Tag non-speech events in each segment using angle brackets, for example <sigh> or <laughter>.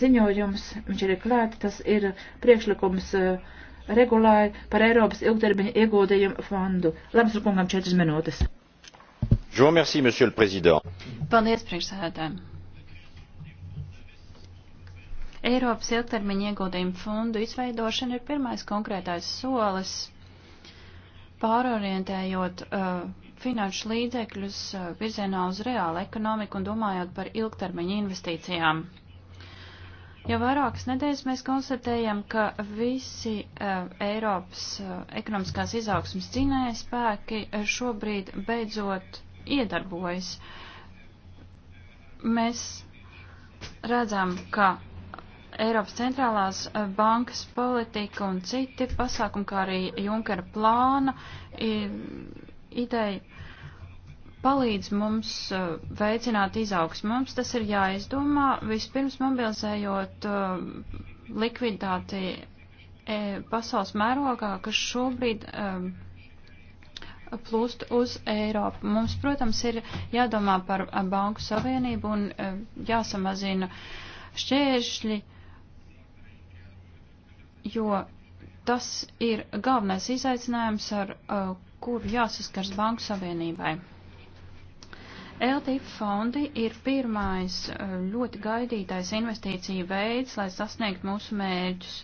ziņojums, viņš ir klāt, tas ir priekšlikums uh, regulāri par Eiropas ilgtermiņa ieguldījumu fondu. Labs ir kungam četras minūtes. Remercie, Paldies, priekšsēdētājiem. Eiropas ilgtermiņa ieguldījumu fondu izveidošana ir pirmais konkrētais solis pārorientējot uh, finanšu līdzekļus uh, virzienā uz reālu ekonomiku un domājot par ilgtermiņa investīcijām. Jau vairākas nedēļas mēs konstatējam, ka visi uh, Eiropas uh, ekonomiskās izaugsmas cīnēja spēki eh, šobrīd beidzot iedarbojas. Mēs redzam, ka Eiropas centrālās bankas politika un citi pasākumi, kā arī Junkera plāna ideja palīdz mums uh, veicināt izaugsmu. Mums tas ir jāizdomā vispirms mobilizējot uh, likviditāti e, pasaules mērogā, kas šobrīd um, plūst uz Eiropu. Mums, protams, ir jādomā par uh, banku savienību un jāsamazina šķēršļi, jo tas ir galvenais izaicinājums, ar kuru jāsaskars banku savienībai. LTIP fondi ir pirmais eh, ļoti gaidītais investīcija veids, lai sasniegtu mūsu mērķus.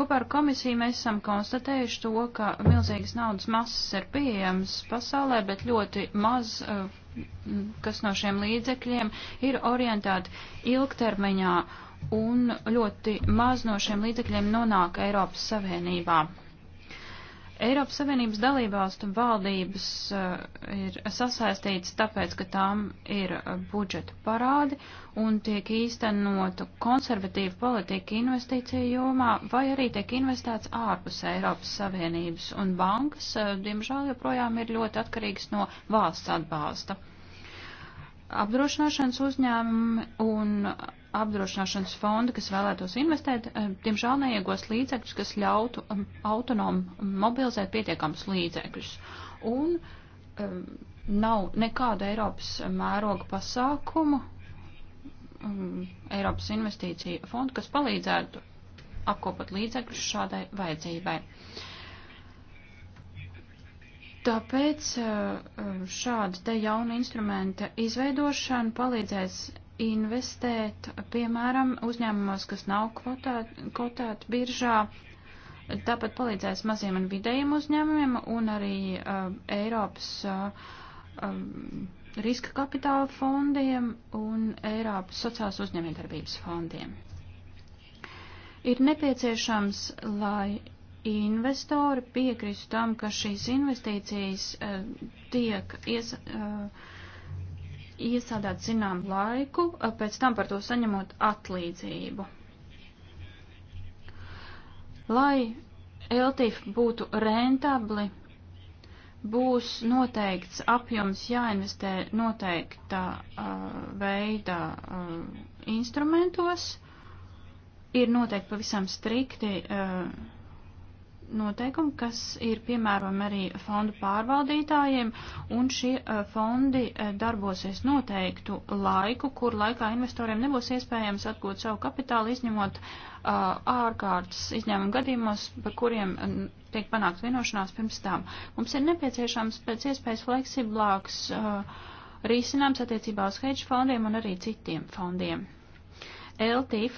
Kopā ar komisiju mēs esam konstatējuši to, ka milzīgas naudas masas ir pieejamas pasaulē, bet ļoti maz, eh, kas no šiem līdzekļiem ir orientēti ilgtermiņā un ļoti maz no šiem līdzekļiem nonāk Eiropas Savienībā. Eiropas Savienības dalībvalstu valdības uh, ir sasaistītas tāpēc, ka tām ir eh, budžeta parādi un tiek īstenota konservatīva politika investīcija jomā, vai arī tiek investēts ārpus Eiropas Savienības, un bankas, uh, diemžēl, joprojām ir ļoti atkarīgas no valsts atbalsta apdrošināšanas uzņēmumi un apdrošināšanas fondi, kas vēlētos investēt, eh, diemžēl neiegos līdzekļus, kas ļautu um, autonomu mobilizēt pietiekams līdzekļus. Un um, nav nekāda Eiropas mēroga pasākumu, um, Eiropas investīcija fonda, kas palīdzētu apkopot līdzekļus šādai vajadzībai. Uh, Tāpēc eh, um, šāda te jauna instrumenta izveidošana palīdzēs investēt, piemēram, uzņēmumos, kas nav kvotāti kvotāt biržā, tāpat palīdzēs maziem un vidējiem uzņēmumiem un arī uh, Eiropas uh, um, riska kapitāla fondiem un Eiropas sociālas uzņēmējdarbības fondiem. Ir nepieciešams, lai investori piekristu tam, ka šīs investīcijas uh, tiek ies, uh, e, iesādāt zinām laiku, uh, pēc tam par to saņemot atlīdzību. Lai LTIF būtu rentabli, būs noteikts apjoms jāinvestē noteiktā uh, veida uh, instrumentos, ir noteikti pavisam strikti uh, noteikumi, kas ir piemērojami arī fondu pārvaldītājiem, un šie eh, fondi eh, darbosies noteiktu laiku, kur laikā investoriem nebūs iespējams atgūt savu kapitālu, izņemot eh, ārkārtas izņēmumu gadījumos, par kuriem tiek panākt vienošanās pirms tām. Mums ir nepieciešams pēc iespējas fleksiblāks risinājums attiecībā uz hedge fondiem un arī citiem fondiem. LTIF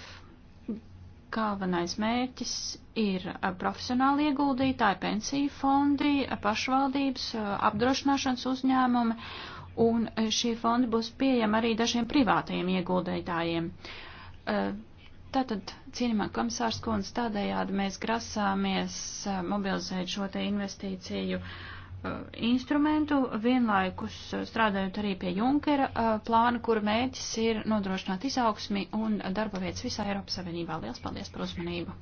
galvenais mērķis ir eh, profesionāli ieguldītāji, pensiju fondi, eh, pašvaldības, eh, apdrošināšanas uzņēmumi, un šie fondi būs pieejami arī dažiem privātajiem ieguldītājiem. Tātad, cienījumā komisārs Kundze, tādējādi mēs grasāmies mobilizēt šo te investīciju instrumentu, vienlaikus strādājot arī pie Junkera plāna, kur mērķis ir nodrošināt izaugsmi un darba vietas visā Eiropas Savienībā. Lielas paldies par uzmanību!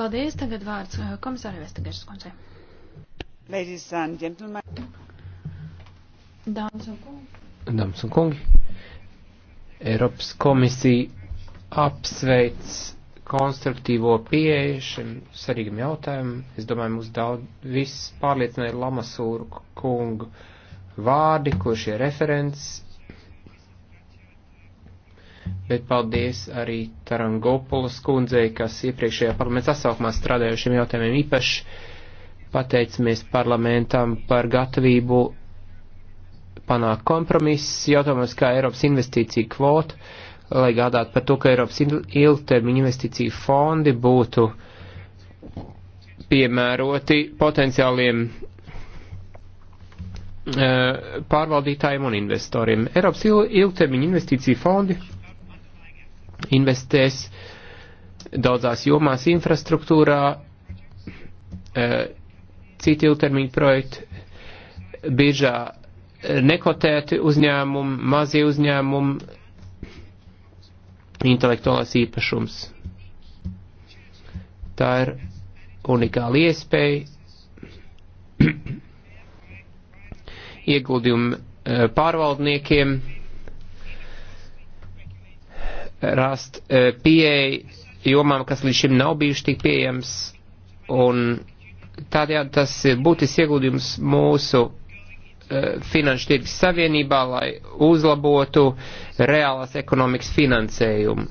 Paldies, tagad vārds eh, komisārai Vestagers kundzei. Ladies and gentlemen. Dāmas un kungi. Dāmas un kungi. Eiropas komisija apsveic konstruktīvo pieeju šim svarīgam jautājumam. Es domāju, mums daudz viss pārliecināja Lamasūru kungu vārdi, kurš ir referents bet paldies arī Tarangopulas kundzei, kas iepriekšējā parlamenta sasaukumā strādājušiem jautājumiem īpaši. Pateicamies parlamentam par gatavību panākt kompromiss jautājumos, kā Eiropas investīcija kvota, lai gādātu par to, ka Eiropas ilgtermiņa investīcija fondi būtu piemēroti potenciāliem eh, pārvaldītājiem un investoriem. Eiropas ilgtermiņa investīcija fondi investēs daudzās jomās infrastruktūrā, e, citi ilgtermiņu projekti, biržā nekotēti uzņēmumi, mazie uzņēmumi, intelektuālās īpašums. Tā ir unikāla iespēja <clears throat> ieguldījumu e, pārvaldniekiem rast e, pieeja jomām, kas līdz šim nav bijuši tik pieejams, un tādējādi tas ir būtisks ieguldījums mūsu e, finanšu tirgus savienībā, lai uzlabotu reālās ekonomikas finansējumu.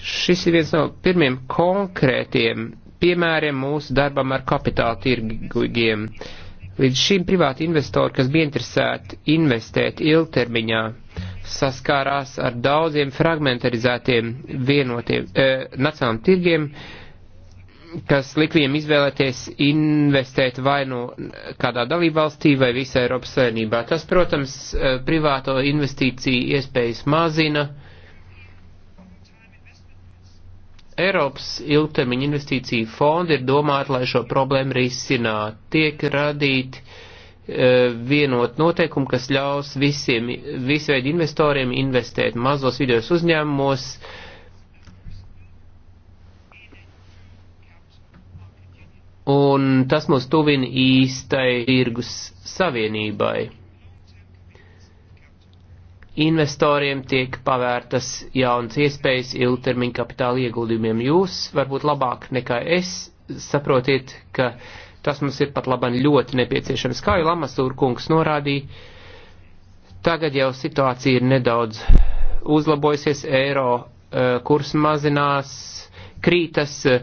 Šis ir viens no pirmiem konkrētiem piemēriem mūsu darbam ar kapitāla tirgiem. Līdz šim privāti investori, kas bija interesēti investēt ilgtermiņā, uh, saskārās ar daudziem fragmentarizētiem vienotiem eh, nacionāliem tirgiem, kas likviem izvēlēties investēt vai nu no kādā dalībvalstī vai visā Eiropas savienībā. Tas, protams, eh, privāto investīciju iespējas mazina. Eiropas ilgtermiņa investīcija fondi ir domāti, lai šo problēmu risinātu. Tiek radīti vienot noteikumu, kas ļaus visiem, visveidu investoriem investēt mazos vidējos uzņēmumos. Un tas mūs tuvina īstai tirgus savienībai. Investoriem tiek pavērtas jaunas iespējas ilgtermiņa kapitāla ieguldījumiem. Jūs varbūt labāk nekā es saprotiet, ka uh, Tas mums ir pat laban ļoti nepieciešams. Kā jau Lamasūra kungs norādīja, tagad jau situācija ir nedaudz uzlabojusies, eiro e, kurs mazinās, krītas, e,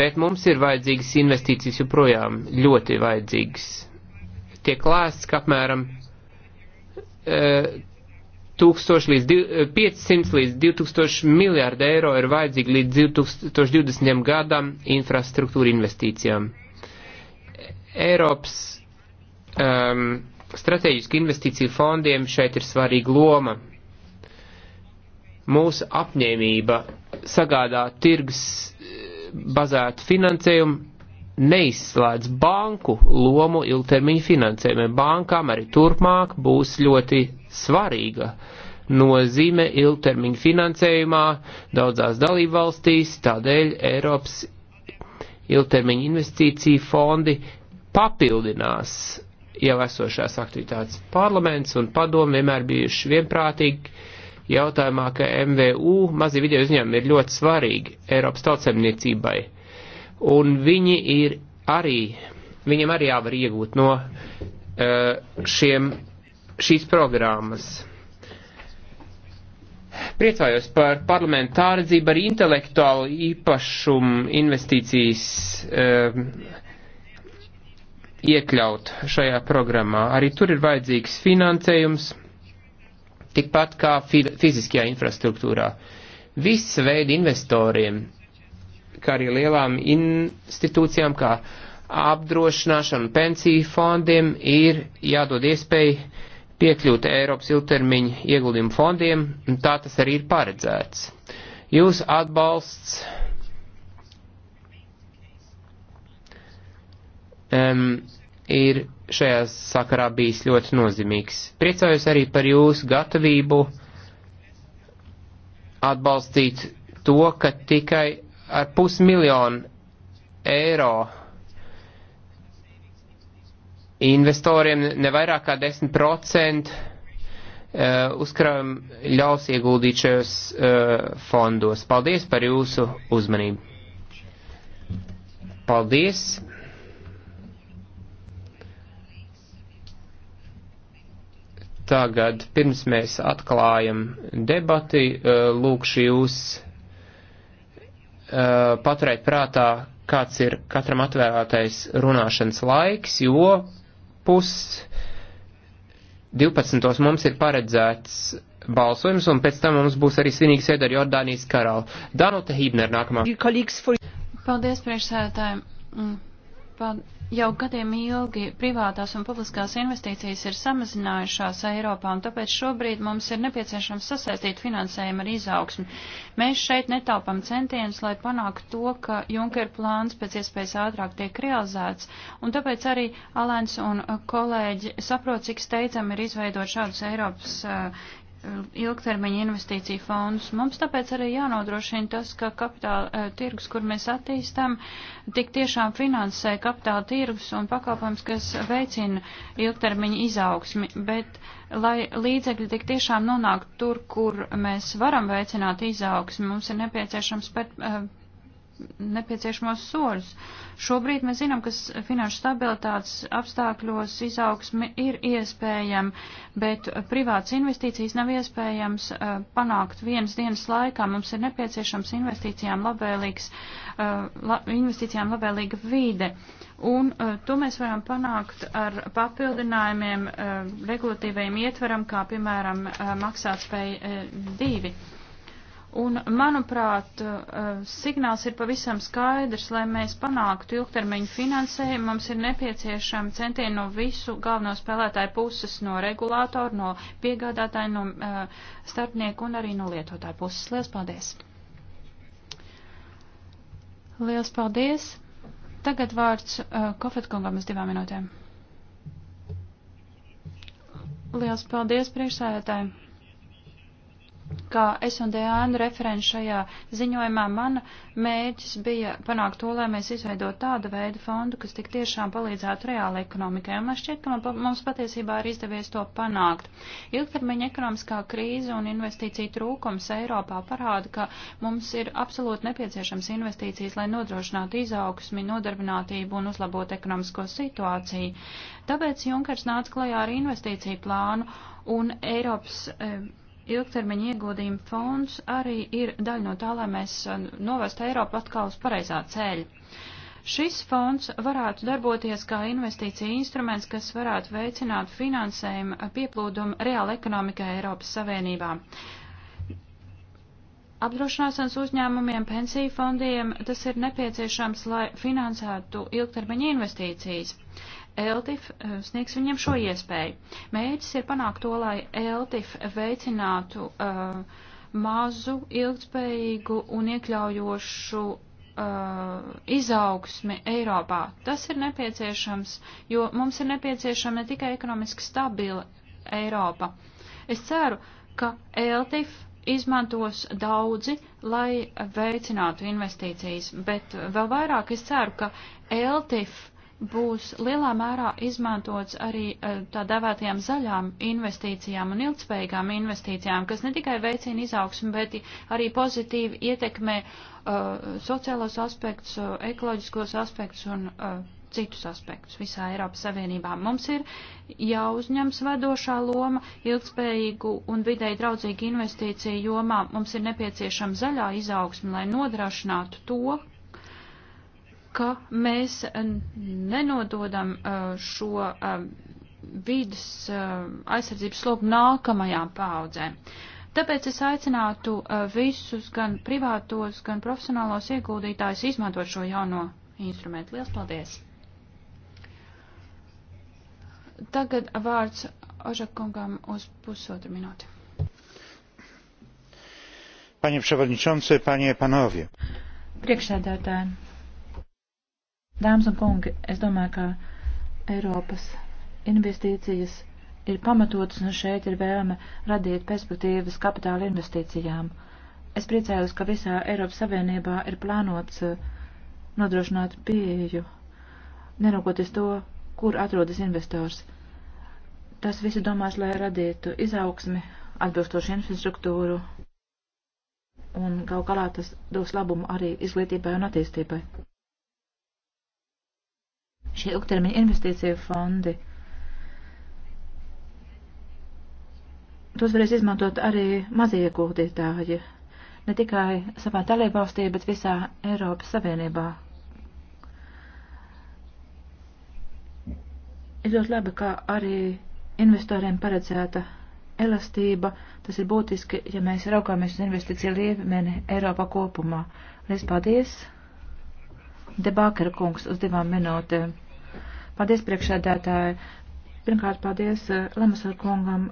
bet mums ir vajadzīgas investīcijas joprojām ļoti vajadzīgas. Tiek lēsts, ka apmēram 1000 e, līdz 500 līdz 2000 miljārdu eiro ir vajadzīgi līdz 2020. gadam infrastruktūra investīcijām. Eiropas um, strateģisku investīciju fondiem šeit ir svarīga loma. Mūsu apņēmība sagādāt tirgus eh, bazētu finansējumu neizslēdz banku lomu ilgtermiņa finansējumiem. Bankām arī turpmāk būs ļoti svarīga nozīme ilgtermiņa finansējumā daudzās dalību valstīs, tādēļ Eiropas ilgtermiņa investīcija fondi papildinās jau esošās aktivitātes. Parlaments un padomu vienmēr bijuši vienprātīgi jautājumā, ka MVU mazi video uzņēmumi ir ļoti svarīgi Eiropas tautsemniecībai. Un viņi ir arī, viņiem arī jāvar iegūt no eh, šiem, šīs programmas. Priecājos par parlamentāredzību, arī intelektuālu īpašumu investīcijas. Uh, iekļaut šajā programmā. Arī tur ir vajadzīgs finansējums, tikpat kā fiziskajā infrastruktūrā. Viss veidi investoriem, kā arī lielām institūcijām, kā apdrošināšana un pensiju fondiem, ir jādod iespēju piekļūt Eiropas ilgtermiņa ieguldījumu fondiem, un tā tas arī ir paredzēts. Jūs atbalsts um, ir šajā sakarā bijis ļoti nozīmīgs. Priecājos arī par jūsu gatavību atbalstīt to, ka tikai ar pusmiljonu eiro investoriem nevairāk kā 10% e, uzkrājum ļaus ieguldīt šajos e, fondos. Paldies par jūsu uzmanību. Paldies. tagad, pirms mēs atklājam debati, eh, lūkšu jūs eh, paturēt prātā, kāds ir katram atvēlētais runāšanas laiks, jo pus 12. mums ir paredzēts balsojums, un pēc tam mums būs arī svinīga sēde ar Jordānijas karalu. Danota Hībner nākamā. Paldies priekšsēdētājiem. Mm, Paldies. Jau gadiem ilgi privātās un publiskās investīcijas ir samazinājušās Eiropā, un tāpēc šobrīd mums ir nepieciešams sasaistīt finansējumu ar izaugsmu. Mēs šeit netaupam centienus, lai panāktu to, ka Junker plāns pēc iespējas ātrāk tiek realizēts, un tāpēc arī Alēns un kolēģi saprot, cik steidzam ir izveidot šādus Eiropas uh, ilgtermiņa investīciju fondus. Mums tāpēc arī jānodrošina tas, ka kapitāla e, tirgus, kur mēs attīstam, tik tiešām finansē kapitāla tirgus un pakalpojums, kas veicina ilgtermiņa izaugsmi, bet lai līdzekļi tik tiešām nonāktu tur, kur mēs varam veicināt izaugsmi, mums ir nepieciešams spērt e, eh, nepieciešamos soļus. Šobrīd mēs zinām, ka finanšu stabilitātes apstākļos izaugsme ir iespējama, bet privāts investīcijas nav iespējams uh, panākt vienas dienas laikā. Mums ir nepieciešams investīcijām, labvēlīgs, uh, la, investīcijām labvēlīga vīde. Un uh, to mēs varam panākt ar papildinājumiem regulatīvajiem ietveram, kā piemēram maksātspēja divi. Uh, Un, manuprāt, eh, signāls ir pavisam skaidrs, lai mēs panāktu ilgtermiņu finansējumu, mums ir nepieciešama centieni no visu galveno spēlētāju puses, no regulātoru, no piegādātāju, no eh, starpnieku un arī no lietotāju puses. Lielas paldies! Lielas paldies! Tagad vārds eh, Kofetkungam uz divām minūtēm. Lielas paldies priekšsēdētājiem! kā es un Dēāna referents šajā ziņojumā, mana mēģis bija panākt to, lai mēs izveidot tādu veidu fondu, kas tik tiešām palīdzētu reāli ekonomikai. Un man šķiet, ka man, mums patiesībā ir izdevies to panākt. Ilgtermiņa ekonomiskā krīze un investīcija trūkums Eiropā parāda, ka mums ir absolūti nepieciešams investīcijas, lai nodrošinātu izaugsmi, nodarbinātību un uzlabotu ekonomisko situāciju. Tāpēc Junkers nāca klajā ar investīciju plānu un Eiropas. E, ilgtermiņa ieguldījuma fonds arī ir daļa no tā, lai mēs uh, novestu Eiropu atkal uz pareizā ceļa. Šis fonds varētu darboties kā investīcija instruments, kas varētu veicināt finansējumu pieplūdumu reāla ekonomikā Eiropas Savienībā. Apdrošināšanas uzņēmumiem, pensiju fondiem tas ir nepieciešams, lai finansētu ilgtermiņa investīcijas. LTIF eh, sniegs viņiem šo iespēju. Mēģis ir panākt to, lai LTIF veicinātu uh, mazu, ilgspējīgu un iekļaujošu uh, izaugsmi Eiropā. Tas ir nepieciešams, jo mums ir nepieciešama ne tikai ekonomiski stabila Eiropa. Es ceru, ka LTIF izmantos daudzi, lai veicinātu investīcijas, bet vēl vairāk es ceru, ka LTIF uh, būs lielā mērā izmantots arī eh, tā devētajām zaļām investīcijām un ilgspējīgām investīcijām, kas ne tikai veicina izaugsmu, bet arī pozitīvi ietekmē uh, sociālos aspektus, uh, ekoloģiskos aspektus un uh, citus aspektus visā Eiropas Savienībā. Mums ir jāuzņems vadošā loma ilgspējīgu un videi draudzīgu investīciju jomā. Mums ir nepieciešama zaļā izaugsme, lai nodrošinātu to, ka mēs nenododam uh, šo uh, vidas uh, aizsardzības slogu nākamajām paudzēm. Tāpēc es aicinātu visus, gan privātos, gan profesionālos ieguldītājus, izmantot šo jauno instrumentu. Lielas paldies! Tagad vārds Ožakungam uz pusotru minūti. Panie przewodniczący, panie panowie. Priekšsēdētāji, Dāmas un kungi, es domāju, ka Eiropas investīcijas ir pamatotas un šeit ir vēlme radīt perspektīvas kapitāla investīcijām. Es priecājos, ka visā Eiropas Savienībā ir plānots eh, nodrošināt pieeju, neraugoties to, kur atrodas investors. Tas visu domās, lai radītu izaugsmi, atbilstošu infrastruktūru, un gal galā tas dos labumu arī izglītībai un attīstībai šie ilgtermiņa investīcija fondi. Tos varēs izmantot arī mazie ieguldītāji, ne tikai savā dalībvalstī, bet visā Eiropas Savienībā. Ir ļoti labi, ka arī investoriem paredzēta elastība. Tas ir būtiski, ja mēs raugāmies uz investīciju līmeni Eiropā kopumā. Lies paldies! Debakara kungs uz divām minūtēm. Paldies priekšēdētāji. Pirmkārt, paldies eh, Lemasar kungam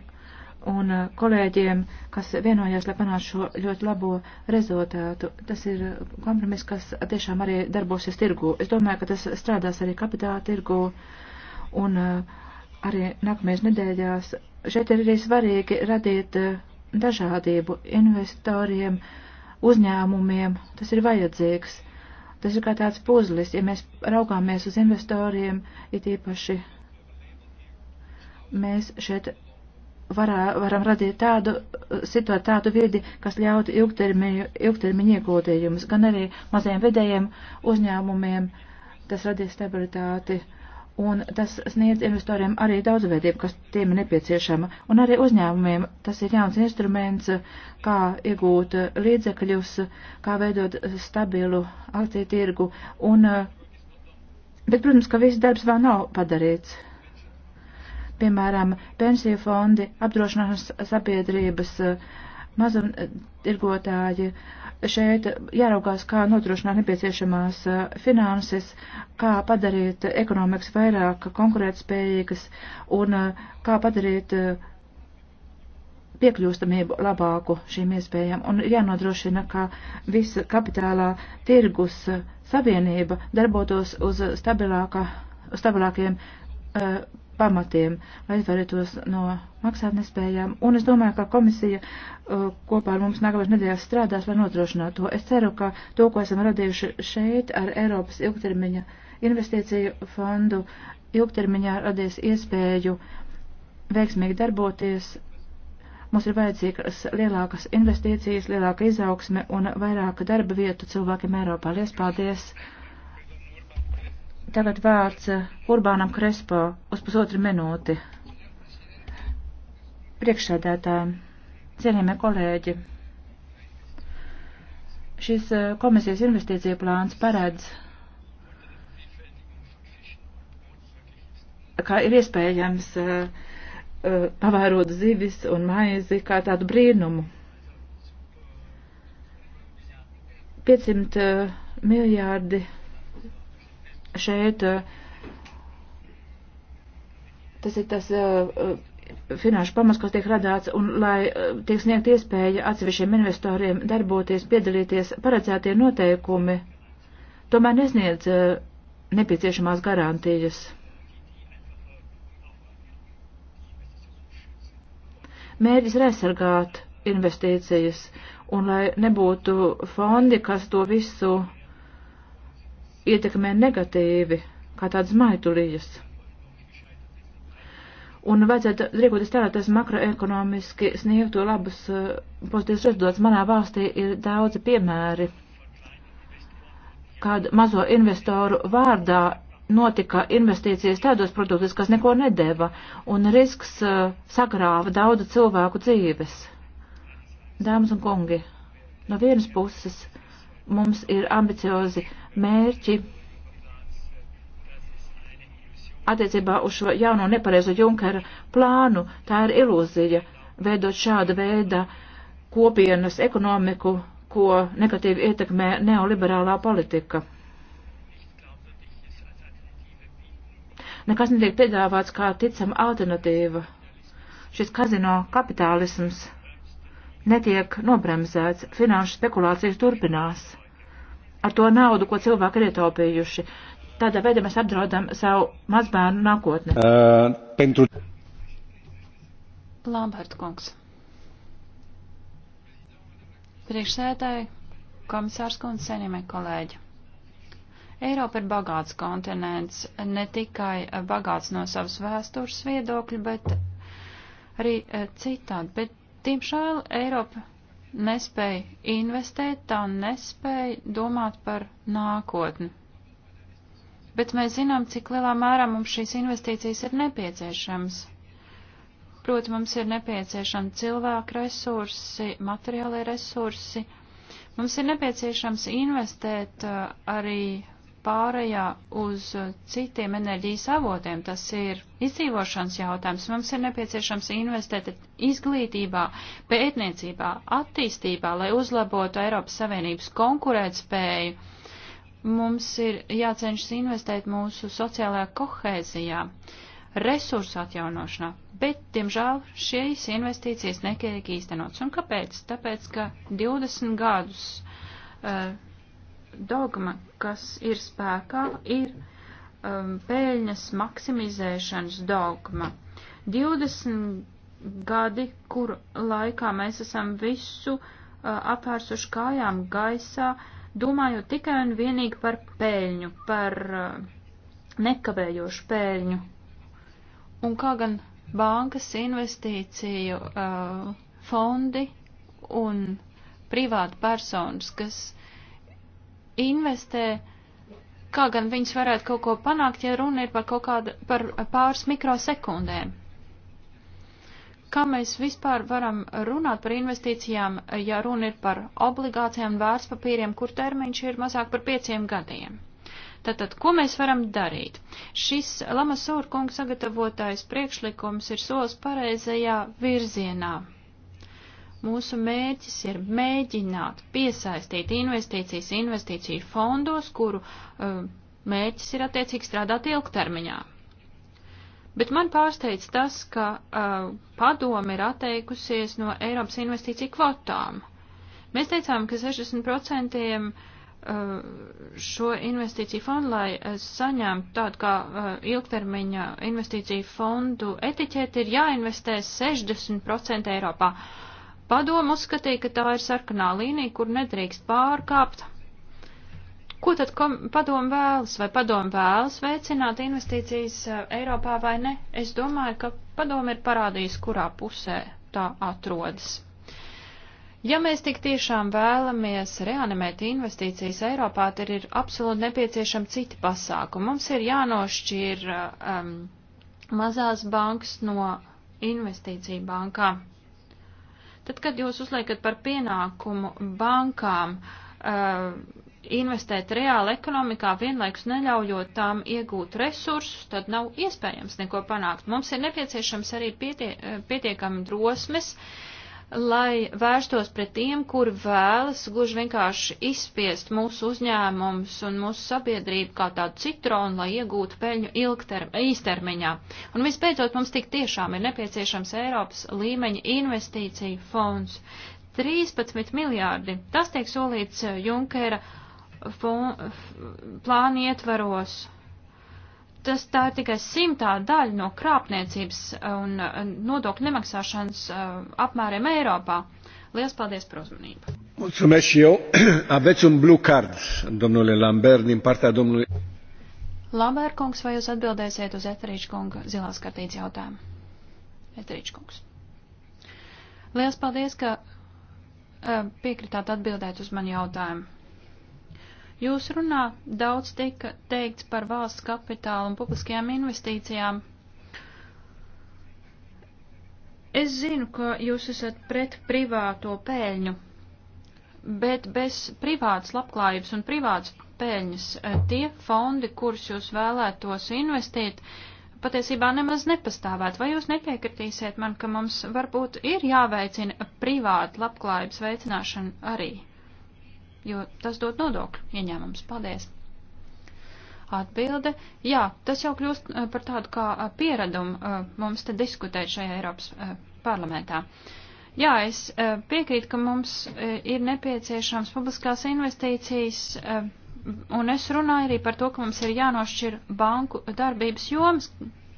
un eh, kolēģiem, kas vienojās, lai panāca šo ļoti labo rezultātu. Tas ir eh, kompromiss, kas tiešām arī darbosies tirgu. Es domāju, ka tas strādās arī kapitāla tirgu un arī nākamajās nedēļās. Šeit ir arī svarīgi radīt dažādību investoriem, uzņēmumiem. Tas ir vajadzīgs. Tas ir kā tāds puzlis, ja mēs raugāmies uz investoriem, it īpaši mēs šeit varā, varam radīt tādu situāciju, tādu vidi, kas ļautu ilgtermiņu, ilgtermiņu ieguldījumus, gan arī mazajiem vidējiem uzņēmumiem. Tas radīs stabilitāti. Uh, un tas sniedz investoriem arī daudzveidību, kas tiem ir nepieciešama, un arī uzņēmumiem tas ir jauns instruments, kā iegūt līdzekļus, kā veidot stabilu akciju tirgu, un, bet, protams, ka viss darbs vēl nav padarīts. Piemēram, pensiju fondi, apdrošināšanas sabiedrības, uh, mazumtirgotāji. Eh, šeit jāraugās, kā nodrošināt nepieciešamās eh, finanses, kā padarīt ekonomikas vairāk konkurētspējīgas un eh, kā padarīt piekļūstamību labāku šīm iespējām. Un jānodrošina, ka visa kapitālā tirgus savienība darbotos uz stabilāka, stabilākiem uh, pamatiem, lai izvairītos no maksātnespējām. Un es domāju, ka komisija uh, kopā ar mums nākamajās nedēļās strādās, lai nodrošinātu to. Es ceru, ka to, ko esam radījuši šeit ar Eiropas ilgtermiņa investīciju fondu, ilgtermiņā radies iespēju veiksmīgi darboties. Mums ir vajadzīgas lielākas investīcijas, lielāka izaugsme un vairāk darba vietu cilvēkiem Eiropā. Lies paldies! Tagad vārds eh, Urbānam Krespo uz pusotru minūti. Priekšsēdētājiem, cienījamie kolēģi, šis eh, komisijas investīcija plāns paredz, ka ir iespējams eh, pavērot zivis un maizi kā tādu brīnumu. 500 miljārdi šeit eh, tas ir tas eh, eh, finanšu pamats, kas tiek radāts, un lai tiek sniegt iespēja atsevišķiem investoriem darboties, piedalīties, paredzētie noteikumi tomēr nesniedz nepieciešamās garantijas. Mērķis ir aizsargāt investīcijas, un lai nebūtu fondi, kas to visu ietekmē negatīvi, kā tādas maitulījas. Un vajadzētu rīkoties tā, lai tas makroekonomiski sniegtu labus eh, pozitīvus rezultātus. Manā valstī ir daudzi piemēri, kāda mazo investoru vārdā notika investīcijas tādos produktus, kas neko nedēva, un risks uh, sagrāva daudzu cilvēku dzīves. Dāmas un kungi, no vienas puses Mums ir ambiciozi mērķi attiecībā uz šo jauno nepareizo Junkera plānu. Tā ir ilūzija veidot šāda veida kopienas ekonomiku, ko negatīvi ietekmē neoliberālā politika. Nekas netiek piedāvāts kā ticama alternatīva. Šis kazino kapitālisms netiek nobremzēts, finanšu spekulācijas turpinās. Ar to naudu, ko cilvēki ir ietaupījuši, tādā veidā mēs apdraudam savu mazbērnu nākotni. Uh, pentru... Lambert kungs. Priekšsēdētāji, komisārs kundze, senimie kolēģi. Eiropa ir bagāts kontinents, ne tikai bagāts no savas vēstures viedokļa, bet arī eh, citādi, bet Diemžēl Eiropa nespēja investēt, tā nespēja domāt par nākotni. Bet mēs zinām, cik lielā mērā mums šīs investīcijas ir nepieciešamas. Proti, mums ir nepieciešami cilvēku resursi, materiālai resursi. Mums ir nepieciešams investēt uh, arī pārējā uz uh, citiem enerģijas avotiem. Tas ir izdzīvošanas jautājums. Mums ir nepieciešams investēt izglītībā, pētniecībā, attīstībā, lai uzlabotu Eiropas Savienības konkurētspēju. Mums ir jācenšas investēt mūsu sociālajā kohēzijā, resursu atjaunošanā, bet, diemžēl, šīs investīcijas netiek īstenots. Un kāpēc? Tāpēc, ka 20 gadus. Uh, dogma, kas ir spēkā, ir um, pēļņas maksimizēšanas dogma. 20 gadi, kur laikā mēs esam visu uh, apvērsuši kājām gaisā, domājot tikai un vienīgi par pēļņu, par uh, nekavējošu pēļņu. Un kā gan bankas investīciju uh, fondi un privāti personas, kas investē, kā gan viņas varētu kaut ko panākt, ja runa ir par kaut kādu, par pāris mikrosekundēm. Kā mēs vispār varam runāt par investīcijām, ja runa ir par obligācijām, vērtspapīriem, kur termiņš ir mazāk par pieciem gadiem? Tātad, ko mēs varam darīt? Šis Lamasūra kungs sagatavotais priekšlikums ir solis pareizajā virzienā. Mūsu mērķis ir mēģināt piesaistīt investīcijas investīciju fondos, kuru uh, mērķis ir attiecīgi strādāt ilgtermiņā. Bet man pārsteidz tas, ka uh, padome ir atteikusies no Eiropas investīciju kvotām. Mēs teicām, ka 60% uh, šo investīciju fondu, lai uh, saņemtu tādu kā uh, ilgtermiņa investīciju fondu etiķeti, ir jāinvestē 60% Eiropā. Uh, Padomu uzskatīja, ka tā ir sarkanā līnija, kur nedrīkst pārkāpt. Ko tad padomu vēlas? Vai padomu vēlas veicināt investīcijas e, Eiropā vai ne? Es domāju, ka padomu ir parādījis, kurā pusē tā atrodas. Ja mēs tik tiešām vēlamies reanimēt investīcijas Eiropā, tad ir absolūti nepieciešama cita pasākuma. Mums ir jānošķir um, mazās bankas no investīciju bankām. Tad, kad jūs uzliekat par pienākumu bankām uh, investēt reāli ekonomikā, vienlaikus neļaujot tām iegūt resursus, tad nav iespējams neko panākt. Mums ir nepieciešams arī pietie, eh, pietiekami drosmes uh, lai vērstos pret tiem, kuri vēlas gluži vienkārši izspiest mūsu uzņēmumus un mūsu sabiedrību kā tādu citronu, lai iegūtu peļņu ilgterm, īstermiņā. Un visbeidzot, mums tik tiešām ir nepieciešams Eiropas līmeņa investīciju fonds. 13 miljārdi. Tas tiek solīts eh, Junkera plāna ietvaros tas tā ir tikai simtā daļa no krāpniecības un nodokļu nemaksāšanas uh, apmēriem Eiropā. Lielas paldies par uzmanību. Mulțumesc și eu. <clears throat> Aveți un blue card, domnule Lambert, din partea domnului. Lambert, kungs, vai jūs atbildēsiet uz Eterīča kunga zilās kartītes jautājumu? Eterīča kungs. Lielas paldies, ka uh, piekritāt atbildēt uz manu jautājumu. Jūs runā daudz tika teikts par valsts kapitālu un publiskajām investīcijām. Es zinu, ka jūs esat pret privāto pēļņu, bet bez privātas labklājības un privātas pēļņas eh, tie fondi, kurus jūs vēlētos investēt, patiesībā nemaz nepastāvēt. Vai jūs nepiekritīsiet man, ka mums varbūt ir jāveicina privāta labklājības veicināšana arī? jo tas dod nodokļu ieņēmumus. Paldies! Atbilde. Jā, tas jau kļūst eh, par tādu kā eh, pieradumu eh, mums te diskutēt šajā Eiropas parlamentā. Jā, es piekrītu, ka mums ir nepieciešams publiskās investīcijas, un es runāju arī par to, ka mums ir jānošķir banku darbības jomas,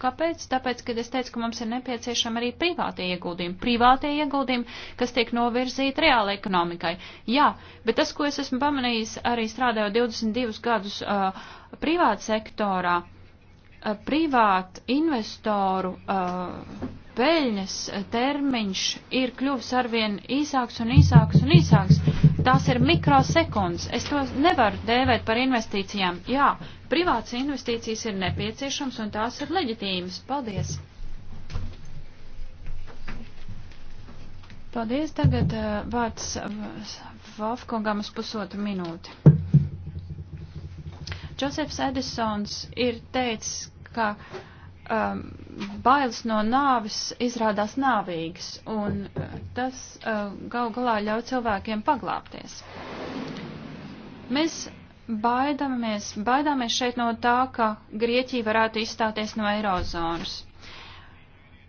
Kāpēc? Tāpēc, kad es teicu, ka mums ir nepieciešama arī privātie ieguldījumi. Privātie ieguldījumi, kas tiek novirzīti reālai ekonomikai. Jā, bet tas, ko es esmu pamanījis arī strādājot 22 gadus uh, privāt sektorā, uh, privāt investoru. Uh, peļņas uh, termiņš ir kļuvis arvien īsāks un īsāks un īsāks tās ir mikrosekundes. Es to nevaru dēvēt par investīcijām. Jā, privāts investīcijas ir nepieciešams un tās ir leģitīmas. Paldies! Paldies, tagad uh, vārds Vafkongam uh, uz pusotru minūti. Džosefs Edisons ir teicis, ka uh, um, bailes no nāvis izrādās nāvīgas, un uh, tas uh, gal galā ļauj cilvēkiem paglāpties. Mēs baidamies, baidāmies šeit no tā, ka Grieķija varētu izstāties no eirozonas.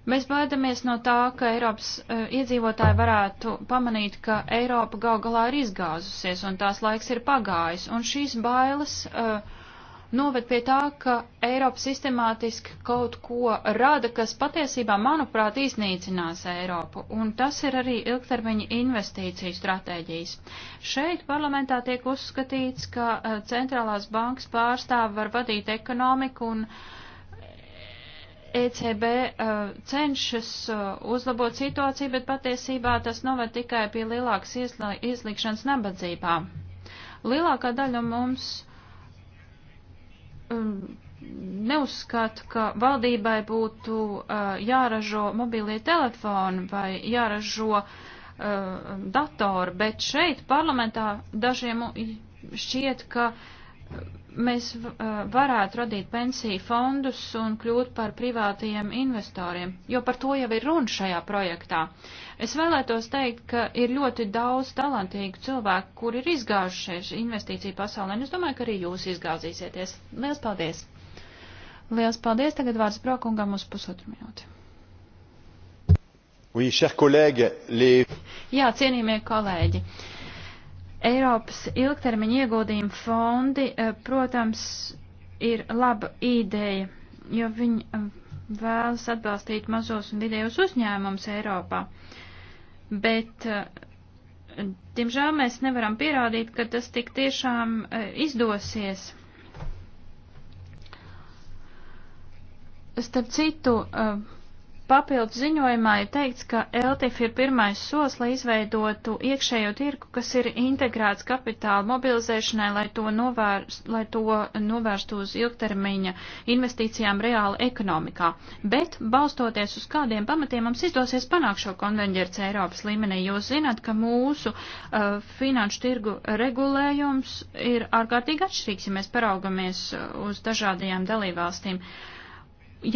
Mēs baidamies no tā, ka Eiropas uh, iedzīvotāji varētu pamanīt, ka Eiropa gal galā ir izgāzusies un tās laiks ir pagājis, un šīs bailes uh, noved pie tā, ka Eiropa sistemātiski kaut ko rada, kas patiesībā, manuprāt, iznīcinās Eiropu, un tas ir arī ilgtermiņa investīciju stratēģijas. Šeit parlamentā tiek uzskatīts, ka eh, centrālās bankas pārstāvi var vadīt ekonomiku un ECB eh, cenšas eh, uzlabot situāciju, bet patiesībā tas noved tikai pie lielākas izlikšanas nabadzībā. Lielākā daļa mums Um, neuzskatu, ka valdībai būtu uh, jāražo mobilie telefoni vai jāražo uh, datori, bet šeit parlamentā dažiem šķiet, ka mēs varētu radīt pensiju fondus un kļūt par privātajiem investoriem, jo par to jau ir runa šajā projektā. Es vēlētos teikt, ka ir ļoti daudz talantīgu cilvēku, kuri ir izgājušies investīciju pasaulē, un es domāju, ka arī jūs izgāzīsieties. Lielas paldies! Lielas paldies! Tagad vārds Brokungam uz pusotru minūti. Oui, les... Jā, cienījamie kolēģi! Uh, Eiropas ilgtermiņa ieguldījuma fondi, eh, protams, ir laba ideja, jo viņi eh, vēlas atbalstīt mazos un vidējos uzņēmumus Eiropā. Bet, eh, diemžēl, mēs nevaram pierādīt, ka tas tik tiešām izdosies. Starp citu, uh, Papildus ziņojumā ir teikts, ka LTF ir pirmais solis, lai izveidotu iekšējo tirku, kas ir integrēts kapitāla mobilizēšanai, lai to, novērs, lai to novērstu uz ilgtermiņa investīcijām reāli ekonomikā. Bet, balstoties uz kādiem pamatiem, mums izdosies panākt šo konvenģerci Eiropas līmenī. Jūs zināt, ka mūsu uh, finanšu tirgu regulējums ir ārkārtīgi atšķirīgs, ja mēs paraugamies uh, uz dažādajām dalībvalstīm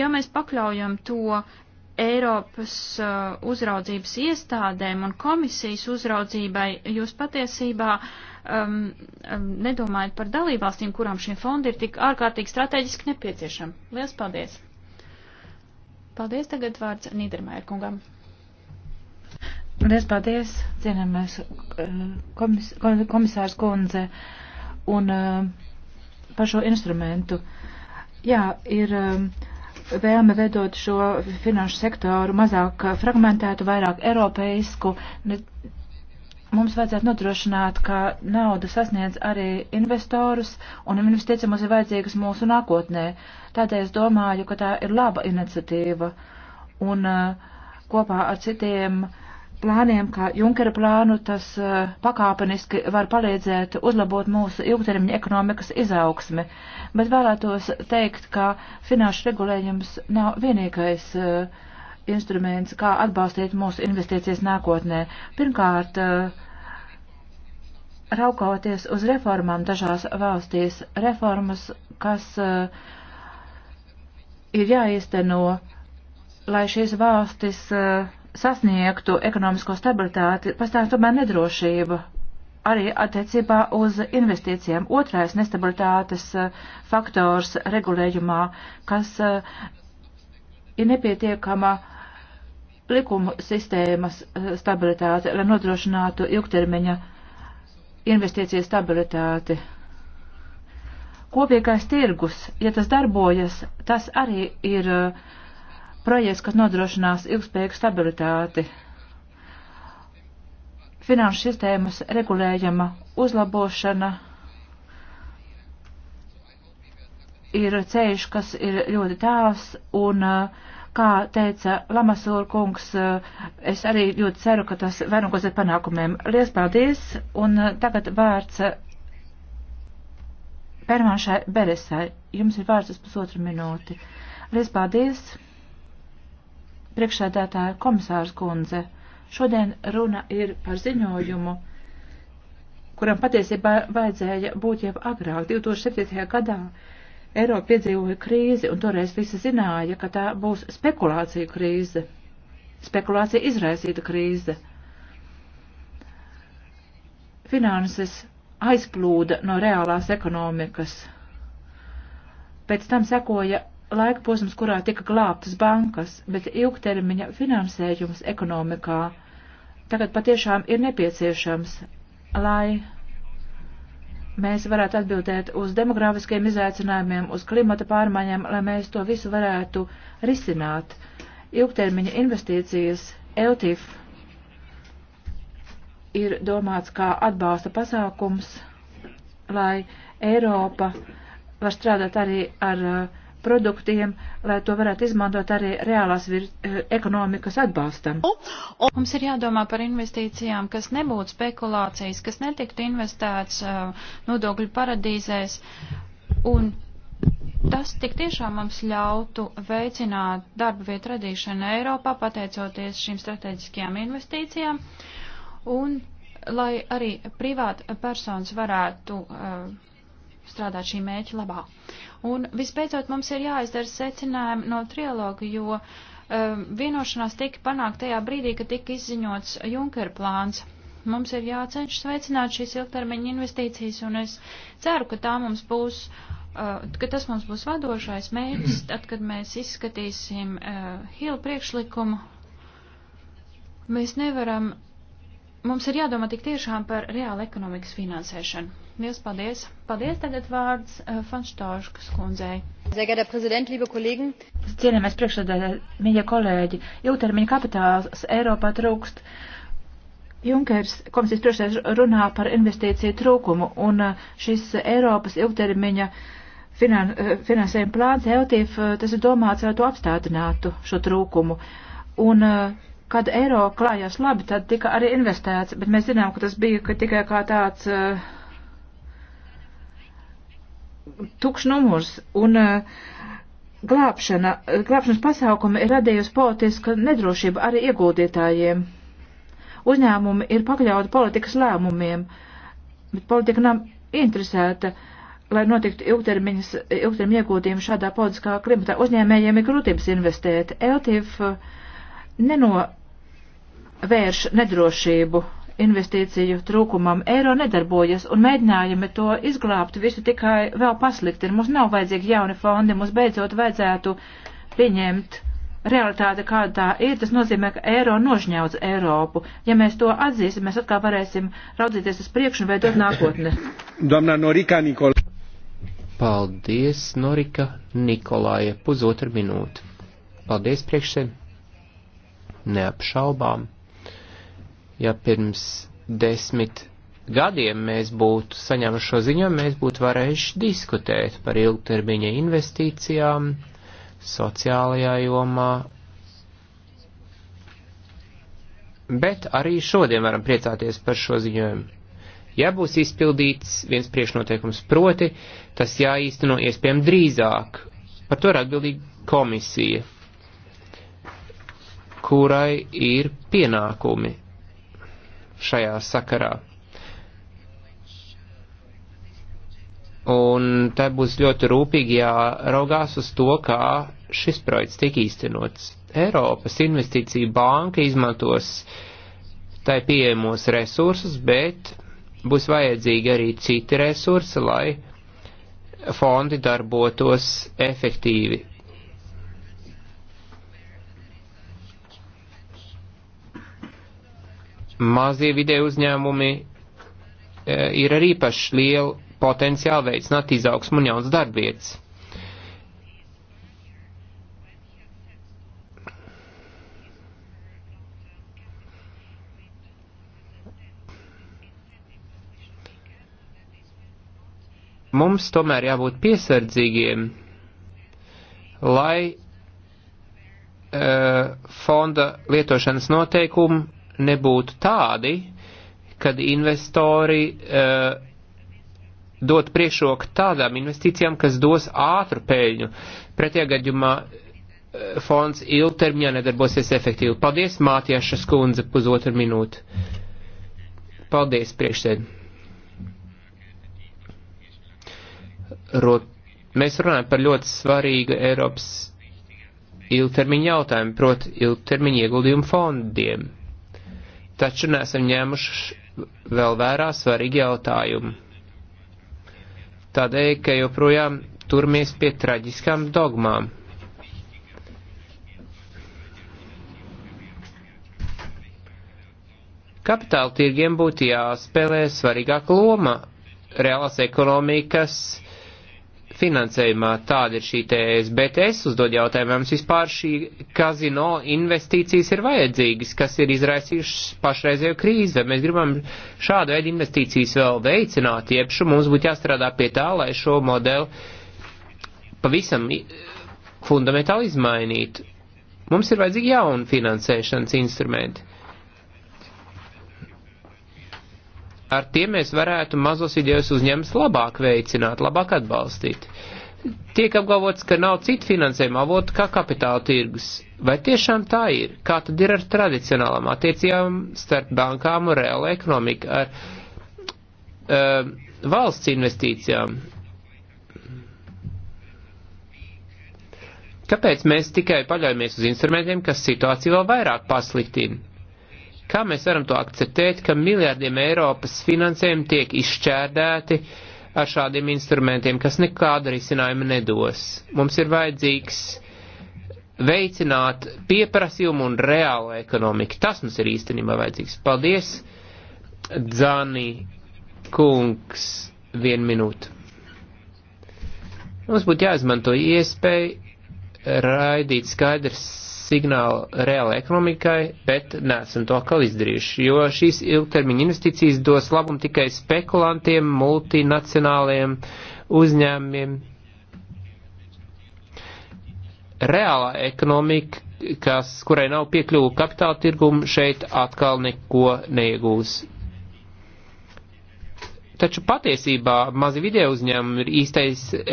ja mēs pakļaujam to Eiropas uh, uzraudzības iestādēm un komisijas uzraudzībai, jūs patiesībā um, um, nedomājat par dalībvalstīm, kurām šie fondi ir tik ārkārtīgi strateģiski nepieciešami. Lielas paldies! Paldies tagad vārds Nīdermēra kungam. Lielas paldies, cienējamais uh, komis, komisārs kundze un uh, par šo instrumentu. Jā, ir. Uh, vēlme vedot šo finanšu sektoru mazāk fragmentētu, vairāk eiropeisku. Mums vajadzētu nodrošināt, ka nauda sasniedz arī investorus un investīcija mums ir vajadzīgas mūsu nākotnē. Tādēļ es domāju, ka tā ir laba iniciatīva un eh, kopā ar citiem uh, plāniem, kā Junkera plānu, tas eh, pakāpeniski var palīdzēt uzlabot mūsu ilgtermiņa ekonomikas izaugsmi, bet vēlētos teikt, ka finanšu regulējums nav vienīgais eh, instruments, kā atbalstīt mūsu investīcijas nākotnē. Pirmkārt, eh, raugoties uz reformām dažās valstīs, reformas, kas ir jāizteno, lai šīs valstis uh, sasniegtu ekonomisko stabilitāti, pastāv tomēr nedrošība arī attiecībā uz investīcijiem. Otrais nestabilitātes eh, faktors regulējumā, kas eh, ir nepietiekama likuma sistēmas eh, stabilitāte, lai nodrošinātu ilgtermiņa investīciju stabilitāti. Kopīgais tirgus, ja tas darbojas, tas arī ir uh, projekts, kas nodrošinās ilgspējīgu stabilitāti. Finanšu sistēmas regulējama uzlabošana ir ceļš, kas ir ļoti tāls, un, kā teica Lamasūra kungs, es arī ļoti ceru, ka tas vainagos ar panākumiem. Lies paldies, un tagad vārds Permanšai Beresai. Jums ir vārds uz pusotru minūti. Lies paldies! priekšsēdētāja komisārs kundze. Šodien runa ir par ziņojumu, kuram patiesībā vajadzēja būt jau agrāk, 2007. gadā. Eiropa piedzīvoja krīzi, un toreiz visi zināja, ka tā būs spekulācija krīze. Spekulācija izraisīta krīze. Finanses aizplūda no reālās ekonomikas. Pēc tam sekoja laika posms, kurā tika glābtas bankas, bet ilgtermiņa finansējums ekonomikā tagad patiešām ir nepieciešams, lai mēs varētu atbildēt uz demografiskiem izaicinājumiem, uz klimata pārmaiņām, lai mēs to visu varētu risināt. Ilgtermiņa investīcijas LTIF ir domāts kā atbalsta pasākums, lai Eiropa var strādāt arī ar uh, produktiem, lai to varētu izmantot arī reālās vir, eh, ekonomikas atbalstam. Mums ir jādomā par investīcijām, kas nebūtu spekulācijas, kas netiktu investēts eh, nodokļu paradīzēs. Un Tas tik tiešām mums ļautu veicināt darba vietu radīšanu Eiropā, pateicoties šīm strateģiskajām investīcijām, un lai arī privāta personas varētu uh, strādāt šī mēķa labā. Un visbeidzot mums ir jāizdara secinājumi no trialoga, jo um, vienošanās tika panākt tajā brīdī, kad tika izziņots Junker plāns. Mums ir jācenšas veicināt šīs ilgtermiņa investīcijas, un es ceru, ka tā mums būs, uh, ka tas mums būs vadošais mērķis, tad, kad mēs izskatīsim uh, Hila priekšlikumu. Mēs nevaram, mums ir jādomā tik tiešām par reālu ekonomikas finansēšanu. Liels paldies! Paldies tagad vārds uh, eh, Fanštāškas kundzei. Cienījamies priekšsēdētāji, mīļie kolēģi, ilgtermiņa kapitāls Eiropā trūkst. Junkers komisijas priekšsēdētājs runā par investīciju trūkumu un eh, šis Eiropas ilgtermiņa finan, eh, finansējuma plāns EOTIF, tas ir domāts, lai to apstādinātu šo trūkumu. Un kad eiro klājās labi, tad tika arī investēts, bet mēs zinām, ka tas bija ka tikai kā tāds uh, tukšs numurs un uh, glābšana, e, glābšanas pasākumi ir radījusi politiska nedrošība arī ieguldītājiem. Uzņēmumi ir pakļauti politikas lēmumiem, bet politika nav interesēta, lai notiktu ilgtermiņas, ilgtermiņa ieguldījumi šādā politiskā klimatā. Uzņēmējiem ir grūtības investēt. LTIF e, neno vērš nedrošību investīciju trūkumam. Eiro nedarbojas un mēģinājumi to izglābt visu tikai vēl pasliktina. Mums nav vajadzīgi jauni fondi, mums beidzot vajadzētu pieņemt realitāti, kāda tā ir. Tas nozīmē, ka eiro nožņauc Eiropu. Ja mēs to atzīsim, mēs atkal varēsim raudzīties uz priekšu un veidot nākotni. Domnā Norika Nikola. Paldies, Norika Nikolāja, pusotru minūtu. Paldies priekšsēm. Neapšaubām ja pirms desmit gadiem mēs būtu saņēmuši šo ziņojumu, mēs būtu varējuši diskutēt par ilgtermiņa investīcijām, sociālajā jomā. Bet arī šodien varam priecāties par šo ziņojumu. Ja būs izpildīts viens priekšnoteikums proti, tas jāīsteno iespējami drīzāk. Par to ir atbildīga komisija, kurai ir pienākumi šajā sakarā. Un te būs ļoti rūpīgi jāraugās uz to, kā šis projekts tiek īstenots. Eiropas investīcija banka izmantos tai pieejamos resursus, bet būs vajadzīgi arī citi resursi, lai fondi darbotos efektīvi. mazie vidē uzņēmumi e, ir ar īpaši lielu potenciālu veicināt izaugsmu un jauns darbvietas. Mums tomēr jābūt piesardzīgiem, lai e, fonda lietošanas noteikumi nebūtu tādi, kad investori uh, dot priekšroku tādām investīcijām, kas dos ātru peļņu. Pretiegadījumā eh, fonds ilgtermiņā nedarbosies efektīvi. Paldies, Mātieša skundze, pusotru minūti. Paldies, priekšsēd. Rot... Mēs runājam par ļoti svarīgu Eiropas ilgtermiņa jautājumu, proti ilgtermiņa ieguldījumu fondiem taču nesam ņēmuši vēl vērā svarīgi jautājumu. Tādēļ, ka joprojām turmies pie traģiskām dogmām. Kapitāla tirgiem būtu jāspēlē svarīgāka loma reālās ekonomikas finansējumā. Tāda ir šī tēze, bet es uzdod jautājumu, vai mums vispār šī kazino investīcijas ir vajadzīgas, kas ir izraisījušas pašreizējo krīzi, vai mēs gribam šādu veidu investīcijas vēl veicināt, jeb šo mums būtu jāstrādā pie tā, lai šo modeli pavisam fundamentāli izmainītu. Mums ir vajadzīgi jauni finansēšanas instrumenti. ar tiem mēs varētu mazos idejos uzņēmums labāk veicināt, labāk atbalstīt. Tiek apgalvots, ka nav citu finansējumu avotu kā kapitāla tirgus. Vai tiešām tā ir? Kā tad ir ar tradicionālām attiecībām starp bankām un reāla ekonomika, ar uh, valsts investīcijām? Kāpēc mēs tikai paļaujamies uz instrumentiem, kas situāciju vēl vairāk pasliktina? Kā mēs varam to akceptēt, ka miljārdiem Eiropas finansējumu tiek izšķērdēti ar šādiem instrumentiem, kas nekādu risinājumu nedos? Mums ir vajadzīgs veicināt pieprasījumu un reālu ekonomiku. Tas mums ir īstenībā vajadzīgs. Paldies, Dzani Kungs, vienu minūtu. Mums būtu jāizmanto iespēju raidīt skaidrs signālu reāli ekonomikai, bet nesam to atkal izdarījuši, jo šīs ilgtermiņa investīcijas dos labumu tikai spekulantiem, multinacionāliem uzņēmumiem. Reālā ekonomika, kas, kurai nav piekļuvu kapitāla tirgumu, šeit atkal neko neiegūs. Taču patiesībā mazi video uzņēmumi ir īstais e,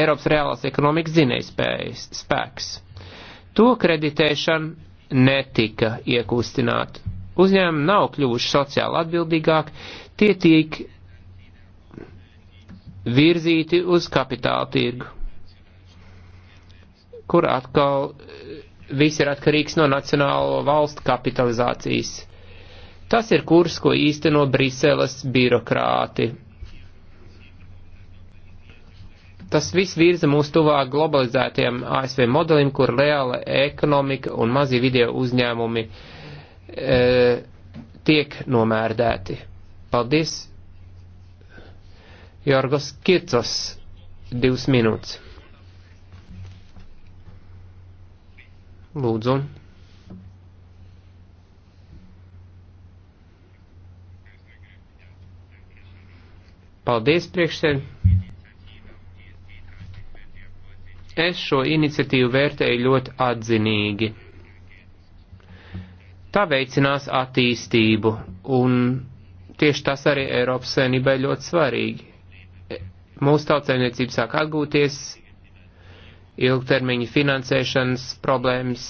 Eiropas reālās ekonomikas zinējspējas spēks. To kreditēšana netika iekustināta. Uzņēmumi nav kļuvuši sociāli atbildīgāk, tie tiek virzīti uz kapitāla tirgu, kur atkal eh, viss ir atkarīgs no nacionālo valstu kapitalizācijas. Tas ir kurs, ko īsteno Briseles birokrāti. Tas viss virza mūs tuvāk globalizētiem ASV modelim, kur reāla ekonomika un mazie video uzņēmumi e, tiek nomērdēti. Paldies! Jorgos Kircos, divas minūtes. Lūdzu. Paldies priekšsēdētājiem. Es šo iniciatīvu vērtēju ļoti atzinīgi. Tā veicinās attīstību, un tieši tas arī Eiropas savienībai ļoti svarīgi. E, mūsu tautsēmniecība sāk atgūties, ilgtermiņa finansēšanas problēmas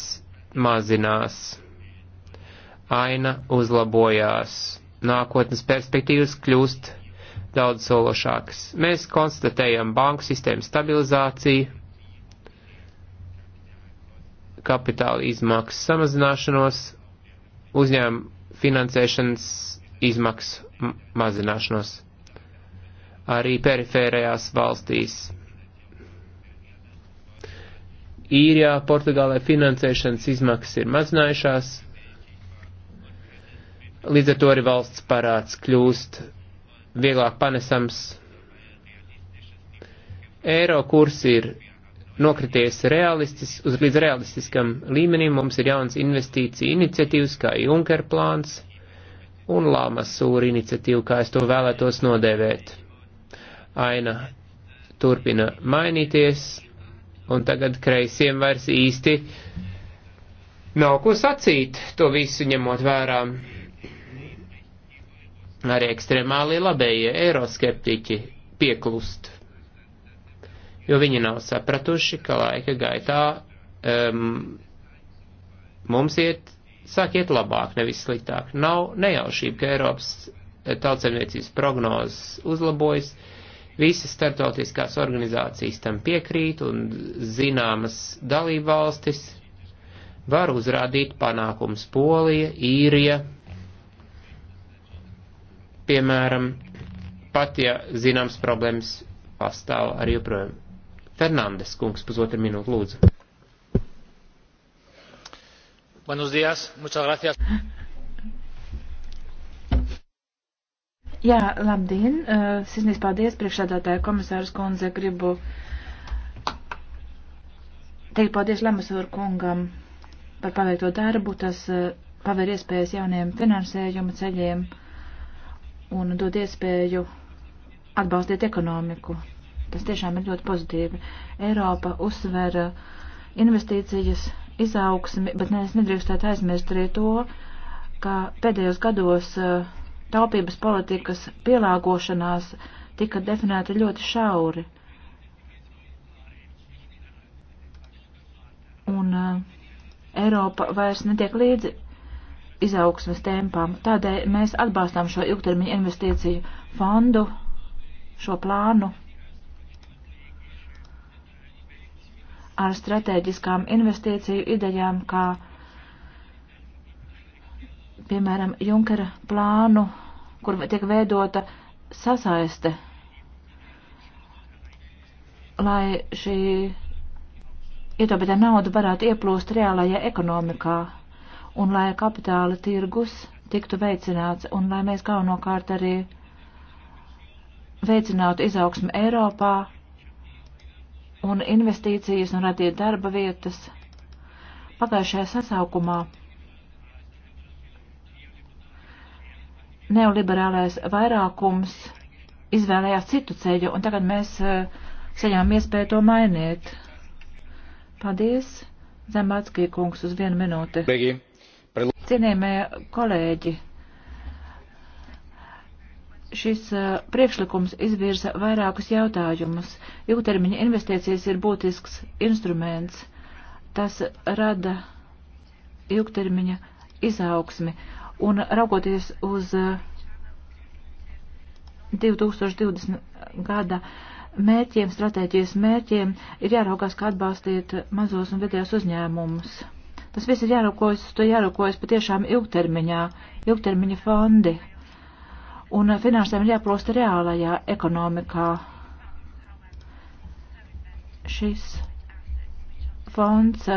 mazinās, aina uzlabojās, nākotnes perspektīvas kļūst daudz sološākas. Mēs konstatējam banku sistēmu stabilizāciju, kapitāla izmaksu samazināšanos, uzņēmuma finansēšanas izmaksu mazināšanos. Arī perifērajās valstīs. Īrijā, Portugālē finansēšanas izmaksas ir mazinājušās, līdz ar to arī valsts parāds kļūst vieglāk panesams. Eiro kurs ir nokrities realistis, uz līdz realistiskam līmenim. Mums ir jauns investīcija iniciatīvas, kā Junker plāns un Lāmas sūra iniciatīva, kā es to vēlētos nodēvēt. Aina turpina mainīties, un tagad kreisiem vairs īsti nav ko sacīt, to visu ņemot vērā. Arī ekstremāli labējie eiroskeptiķi pieklust jo viņi nav sapratuši, ka laika gaitā um, mums iet, sāk iet labāk, nevis sliktāk. Nav nejaušība, ka Eiropas eh, tautsemniecības prognozes uzlabojas, visas startautiskās organizācijas tam piekrīt un zināmas dalība valstis var uzrādīt panākums Polija, Īrija, piemēram, pat ja zināms problēmas pastāv arī joprojām. Fernandes kungs, pusotru minūtu lūdzu. Buenos días, muchas gracias. Jā, labdien! Eh, Sisnīs paldies priekšādātāja komisāras kundze. Gribu teikt paldies Lemasūra kungam par paveikto darbu. Tas eh, paver iespējas jauniem finansējuma ceļiem un dod iespēju atbalstīt ekonomiku. Tas tiešām ir ļoti pozitīvi. Eiropa uzsver uh, investīcijas, izaugsmi, bet ne, es nedrīkstētu aizmirst arī to, ka pēdējos gados uh, taupības politikas pielāgošanās tika definēta ļoti šauri. Un uh, Eiropa vairs netiek līdzi izaugsmes tempam. Tādēļ mēs atbalstām šo ilgtermiņa investīciju fondu, šo plānu ar strateģiskām investīciju idejām, kā piemēram Junkera plānu, kur tiek veidota sasaiste, lai šī ietaupītā nauda varētu ieplūst reālajā ekonomikā un lai kapitāla tirgus tiktu veicināts un lai mēs galvenokārt arī veicinātu izaugsmu Eiropā un investīcijas un radīt darba vietas. Pagājušajā sasaukumā neoliberālais vairākums izvēlējās citu ceļu, un tagad mēs eh, saņēmām iespēju to mainīt. Paldies, Zemāckī kungs, uz vienu minūti. Cienījamie kolēģi! Šis priekšlikums izvirza vairākus jautājumus. Ilgtermiņa investīcijas ir būtisks instruments. Tas rada ilgtermiņa izaugsmi. Un raugoties uz 2020 gada mērķiem, stratēģijas mērķiem, ir jāraugās, kā atbalstīt mazos un vidējos uzņēmumus. Tas viss ir jāraukojas, to jāraukojas patiešām ilgtermiņā, ilgtermiņa fondi un finansēm ir jāplūst reālajā ekonomikā. Šis fonds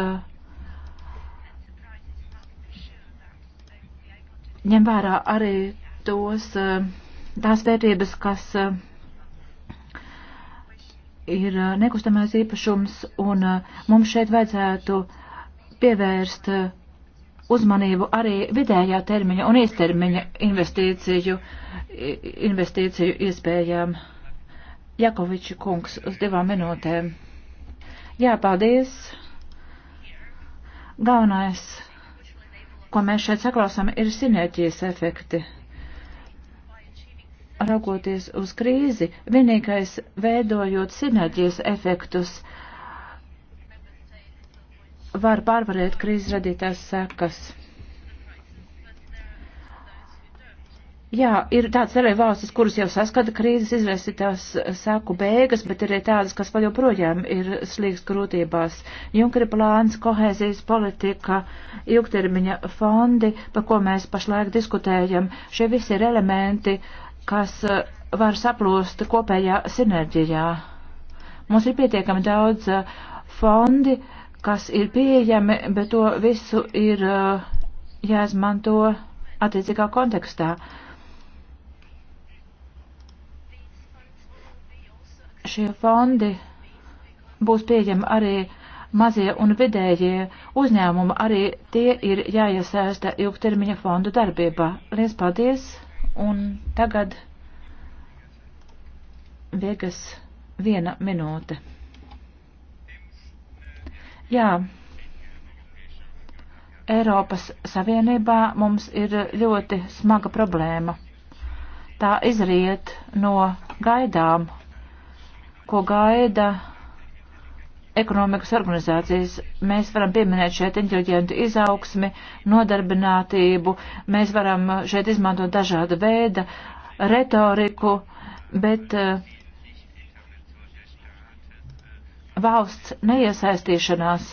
ņem vērā arī tos, tās vērtības, kas ir nekustamais īpašums, un mums šeit vajadzētu pievērst uzmanību arī vidējā termiņa un īstermiņa investīciju, investīciju iespējām. Jakoviči kungs uz divām minūtēm. Jā, paldies. Galvenais, ko mēs šeit saklausām, ir sinerģijas efekti. Raugoties uz krīzi, vienīgais veidojot sinerģijas efektus, uh, var pārvarēt krīzes radītās sekas. Jā, ir tāds arī valstis, kuras jau saskata krīzes izvērsītās sāku beigas, bet ir arī tādas, kas vēl joprojām ir slīgs grūtībās. Junkeri plāns, kohēzijas politika, ilgtermiņa fondi, par ko mēs pašlaik diskutējam, šie visi ir elementi, kas eh, var saplūst kopējā sinerģijā. Mums ir pietiekami daudz eh, fondi, uh, kas ir pieejami, bet to visu ir uh, jāizmanto attiecīgā kontekstā. Šie fondi būs pieejami arī mazie un vidējie uzņēmumi, arī tie ir jāiesaista ilgtermiņa fondu darbībā. Lies paldies, un tagad viegas viena minūte. Jā. Eiropas Savienībā mums ir ļoti smaga problēma. Tā izriet no gaidām, ko gaida ekonomikas organizācijas. Mēs varam pieminēt šeit inteliģentu izaugsmi, nodarbinātību, mēs varam šeit izmantot dažāda veida retoriku, bet uh, valsts neiesaistīšanās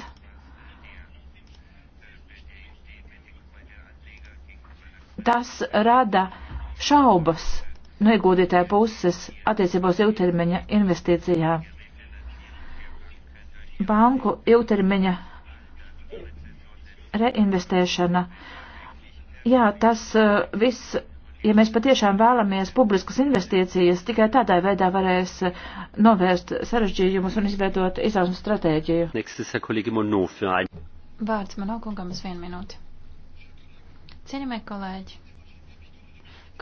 tas rada šaubas no ieguldītāja puses attiecībā uz ilgtermiņa investīcijā. Banku ilgtermiņa reinvestēšana, jā, tas eh, viss ja mēs patiešām vēlamies publiskas investīcijas, tikai tādā veidā varēs eh, novērst sarežģījumus un izveidot izaugsmu stratēģiju. Vārds man augungam uz vienu minūti. Cienījamie kolēģi,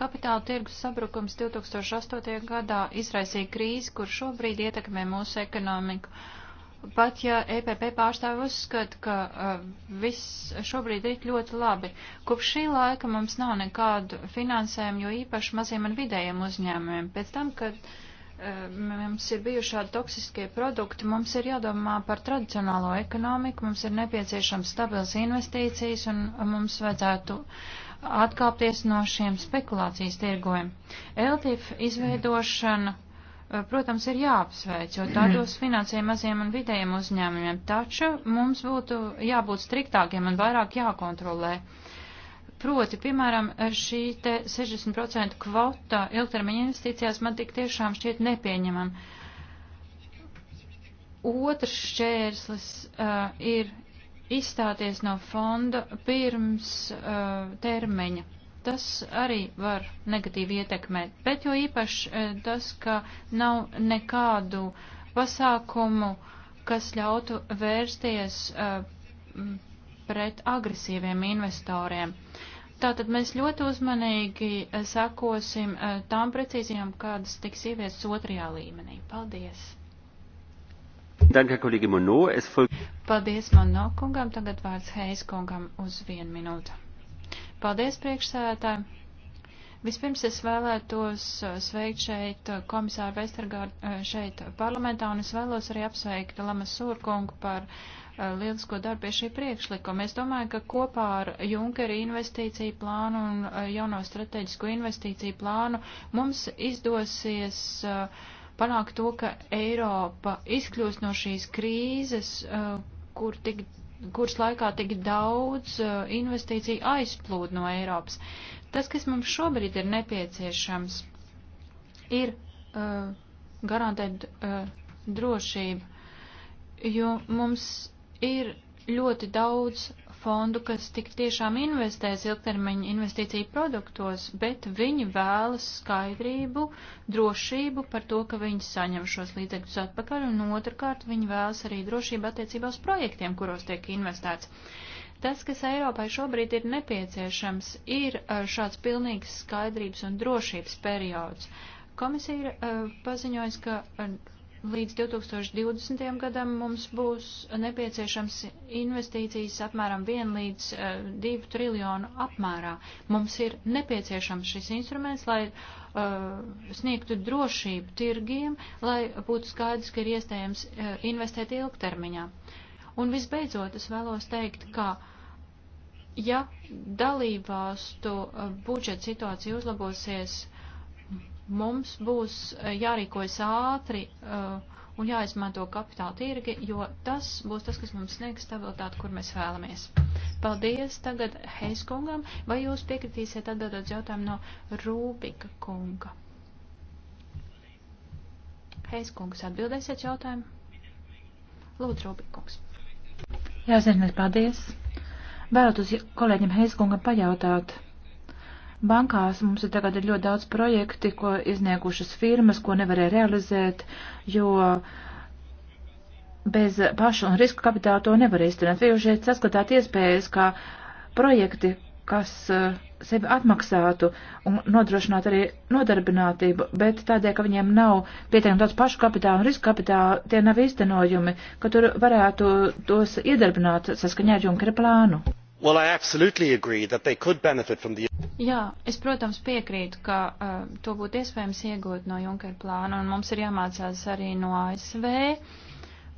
kapitāla tirgus sabrukums 2008. gadā izraisīja krīzi, kur šobrīd ietekmē mūsu ekonomiku Pat ja EPP pārstāvi uzskata, ka uh, viss šobrīd ir ļoti labi, kopš šī laika mums nav nekādu finansējumu, jo īpaši maziem un vidējiem uzņēmumiem. Pēc tam, kad uh, mums ir bijuši šādi toksiskie produkti, mums ir jādomā par tradicionālo ekonomiku, mums ir nepieciešams stabils investīcijas un mums vajadzētu atkāpties no šiem spekulācijas tirgojiem. LTIF izveidošana. Mm Eh, protams, ir jāapsveic, jo tā mhm. dos finansējumu maziem un vidējiem uzņēmumiem, taču mums būtu jābūt striktākiem un vairāk jākontrolē. Proti, piemēram, šī te 60% kvota ilgtermiņa investīcijās man tik tiešām šķiet nepieņemam. Otrs šķērslis uh, ir izstāties no fonda pirms uh, termiņa tas arī var negatīvi ietekmēt, bet jo īpaši eh, tas, ka nav nekādu pasākumu, kas ļautu vērsties eh, pret agresīviem investoriem. Tātad mēs ļoti uzmanīgi eh, sakosim tām precīzijām, kādas tiks ieviestas otrajā līmenī. Paldies! Paldies, Mono kungam. Tagad vārds Heis kungam uz vienu minūtu. Paldies, priekšsēdētāji! Vispirms es vēlētos uh, sveikt šeit uh, komisāru Vestergārdu uh, šeit parlamentā, un es vēlos arī apsveikt Lamas Sūrkungu par lielisko darbu pie šī priekšlikuma. Es domāju, ka kopā ar Junkeri investīciju plānu un jauno strateģisko investīciju plānu mums izdosies panākt to, ka Eiropa izkļūst no šīs krīzes, kur tik kuras laikā tik daudz uh, investīciju aizplūd no Eiropas. Tas, kas mums šobrīd ir nepieciešams, ir uh, garantēt uh, drošību, jo mums ir ļoti daudz fondu, kas tik tiešām investēs ilgtermiņa investīciju produktos, bet viņi vēlas skaidrību, drošību par to, ka viņi saņem šos līdzekļus atpakaļ, un otrkārt viņi vēlas arī drošību attiecībā uz projektiem, kuros tiek investēts. Tas, kas Eiropai šobrīd ir nepieciešams, ir e, šāds pilnīgs skaidrības un drošības periods. Komisija ir uh, paziņojusi, ka uh, Līdz 2020. gadam mums būs nepieciešams investīcijas apmēram 1 līdz 2 eh, triljonu apmērā. Mums ir nepieciešams šis instruments, lai uh, sniegtu drošību tirgiem, lai būtu skaidrs, ka ir iespējams uh, investēt ilgtermiņā. Un visbeidzot, es vēlos teikt, ka ja dalībvalstu budžeta situācija uzlabosies, uh, Mums būs eh, jārīkojas ātri eh, un jāizmanto kapitāla tirgi, jo tas būs tas, kas mums sniegs stabilitāti, kur mēs vēlamies. Paldies tagad Heiskungam, vai jūs piekritīsiet atbildot jautājumu no Rūbika kunga? Heiskungs, atbildēsiet jautājumu? Lūdzu, Rūbikungs. Jā, Zernet, paldies. Vēlētos kolēģim Heiskungam pajautāt Bankās mums ir tagad ir ļoti daudz projekti, ko izniegušas firmas, ko nevarēja realizēt, jo bez pašu un riska kapitāla to nevar izturēt. Vai jūs šeit saskatāt iespējas, kā projekti, kas eh, sevi atmaksātu un nodrošinātu arī nodarbinātību, bet tādēļ, ka viņiem nav pietiekami daudz pašu kapitāla un riska kapitāla, tie nav īstenojumi, ka tur varētu tos iedarbināt saskaņā ar Junkera plānu. Well, I absolutely agree that they could benefit from the. Jā, es, protams, piekrītu, ka uh, to būtu iespējams iegūt no Junkera plāna, un mums ir jāmācās arī no ASV.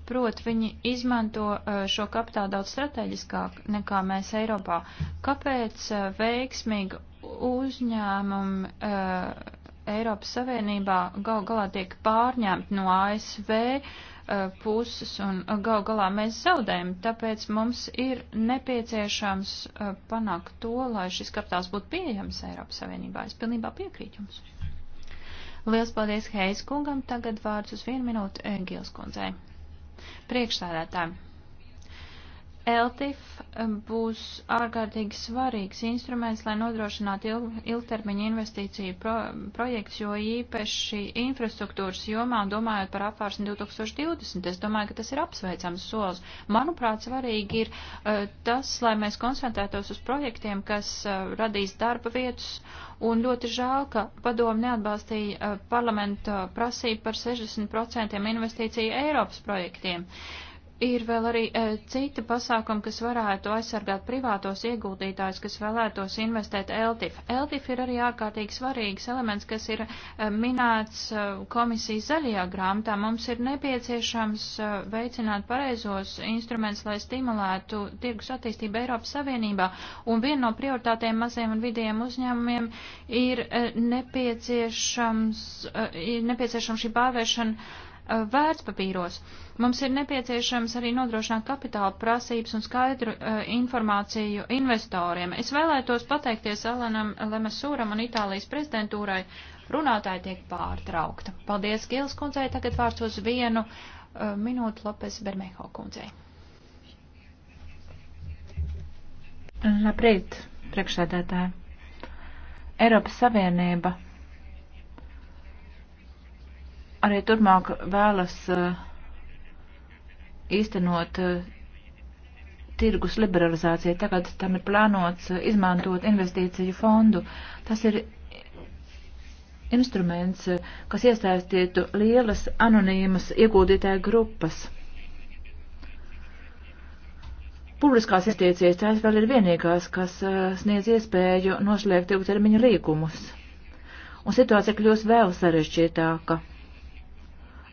Prot, viņi izmanto uh, šo kapitālu daudz strateģiskāk nekā mēs Eiropā. Kāpēc uh, veiksmīgi uzņēmumi uh, Eiropas Savienībā gal galā tiek pārņemti no ASV? Uh, Uh, puses, un uh, gal galā mēs zaudējam, tāpēc mums ir nepieciešams uh, panākt to, lai šis kapitāls būtu pieejams Eiropas Savienībā. Es pilnībā piekrītu jums. Liels paldies Heis kungam, tagad vārds uz vienu minūtu Gils kundzei. Priekšsēdētāji. LTIF um, būs ārkārtīgi svarīgs instruments, lai nodrošinātu ilg, ilgtermiņa investīciju pro, projekts, jo īpaši infrastruktūras jomā, domājot par apvārsni 2020, es domāju, ka tas ir apsveicams solis. Manuprāt, svarīgi ir uh, tas, lai mēs koncentrētos uz projektiem, kas uh, radīs darba vietas, un ļoti žēl, ka padomu neatbalstīja uh, parlamenta prasību par 60% investīciju Eiropas projektiem. Uh, Ir vēl arī e, citi pasākumi, kas varētu aizsargāt privātos ieguldītājus, kas vēlētos investēt LTIF. LTIF ir arī ārkārtīgi svarīgs elements, kas ir e, minēts e, komisijas zaļajā grāmatā. Mums ir nepieciešams e, veicināt pareizos instrumentus, lai stimulētu tirgus attīstību Eiropas Savienībā. Un viena no prioritātēm maziem un vidējiem uzņēmumiem ir e, nepieciešams, e, nepieciešams šī pārvēršana Eh, vērtspapīros. Mums ir nepieciešams arī nodrošināt kapitāla prasības un skaidru uh, informāciju investoriem. Es vēlētos pateikties Alanam Lemesūram un Itālijas prezidentūrai. Runātāji tiek pārtraukta. Paldies, Gils kundzei. Tagad vārds uz vienu uh, minūtu Lopes Bermeho kundzei. Labrīt, priekšsēdētāji. Eiropas Savienība arī turpmāk vēlas eh, īstenot eh, tirgus liberalizāciju. Tagad tam ir plānots eh, izmantot investīciju fondu. Tas ir instruments, kas iesaistītu lielas anonīmas ieguldītāju grupas. Publiskās institīcijas tās vēl ir vienīgās, kas sniedz iespēju noslēgt ilgtermiņa līgumus. Un situācija kļūs vēl sarežģītāka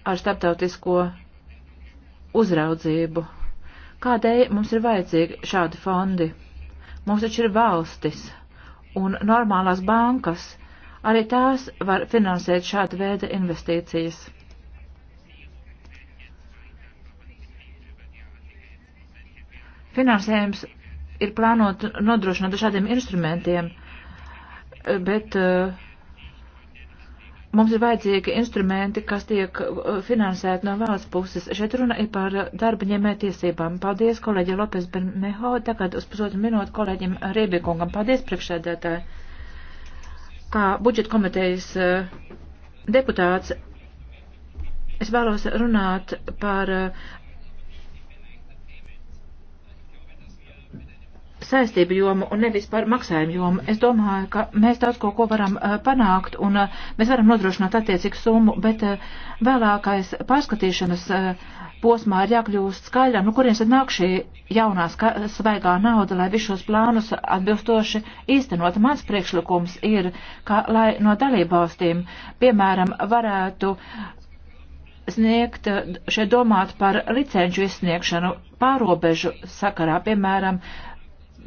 ar starptautisko uzraudzību. Kādēļ mums ir vajadzīgi šādi fondi? Mums taču ir valstis un normālās bankas, arī tās var finansēt šāda veida investīcijas. Finansējums ir plānot nodrošināt dažādiem instrumentiem, bet uh, Mums ir vajadzīgi instrumenti, kas tiek uh, finansēti no valsts puses. Šeit runa ir par uh, darba ņēmē tiesībām. Paldies kolēģi Lopes Bermeho. Tagad uz pusotru minūtu kolēģim Riebikungam. Paldies priekšsēdētāji. Kā budžeta komitejas uh, deputāts, es vēlos runāt par saistību jomu un nevis par maksājumu jomu. Es domāju, ka mēs daudz ko, ko varam uh, panākt un uh, mēs varam nodrošināt attiecīgu summu, bet uh, vēlākais pārskatīšanas posmā ir jākļūst skaidrām, nu kurienes tad nāk šī jaunā svaigā nauda, lai visus šos plānus atbilstoši īstenot. Mans priekšlikums ir, ka lai no dalībvalstīm, piemēram, varētu sniegt, šeit domāt par licenču izsniegšanu pārobežu sakarā, piemēram, uh,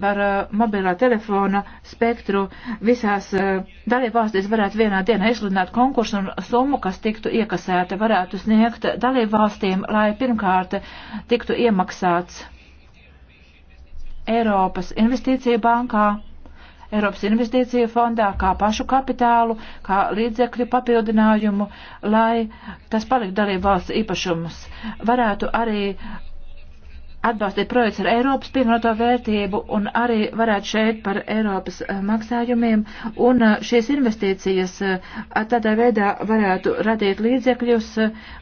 par uh, mobilā telefona spektru visās uh, dalībvalstīs varētu vienā dienā izsludināt konkursu un summu, kas tiktu iekasēta, varētu sniegt dalībvalstīm, lai pirmkārt tiktu iemaksāts Eiropas investīcija bankā, Eiropas investīcija fondā kā pašu kapitālu, kā līdzekļu papildinājumu, lai tas paliktu dalībvalsts īpašumus. Varētu arī uh, atbalstīt projekts ar Eiropas pievienoto vērtību un arī varētu šeit par Eiropas eh, maksājumiem. Un eh, šīs investīcijas eh, tādā veidā varētu radīt līdzekļus,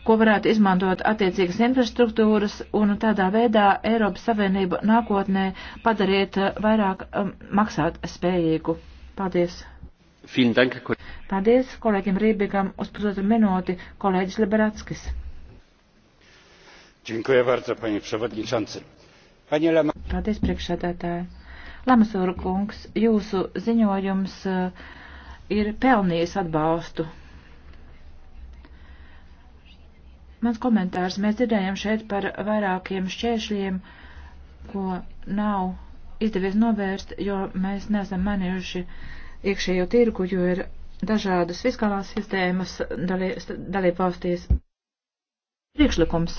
ko varētu izmantot attiecīgas infrastruktūras un tādā veidā Eiropas Savienību nākotnē padarīt vairāk maksāt spējīgu. Paldies! Paldies kolēģim Rībigam uz pusotru minūti, kolēģis Liberatskis. Paldies, priekšsēdētāji. Lamasūra kungs, jūsu ziņojums eh, ir pelnījis atbalstu. Mans komentārs, mēs dzirdējam šeit par vairākiem šķēršļiem, ko nav izdevies novērst, jo mēs neesam manījuši iekšējo tirgu, jo ir dažādas fiskālās sistēmas dalībvalstīs. Priekšlikums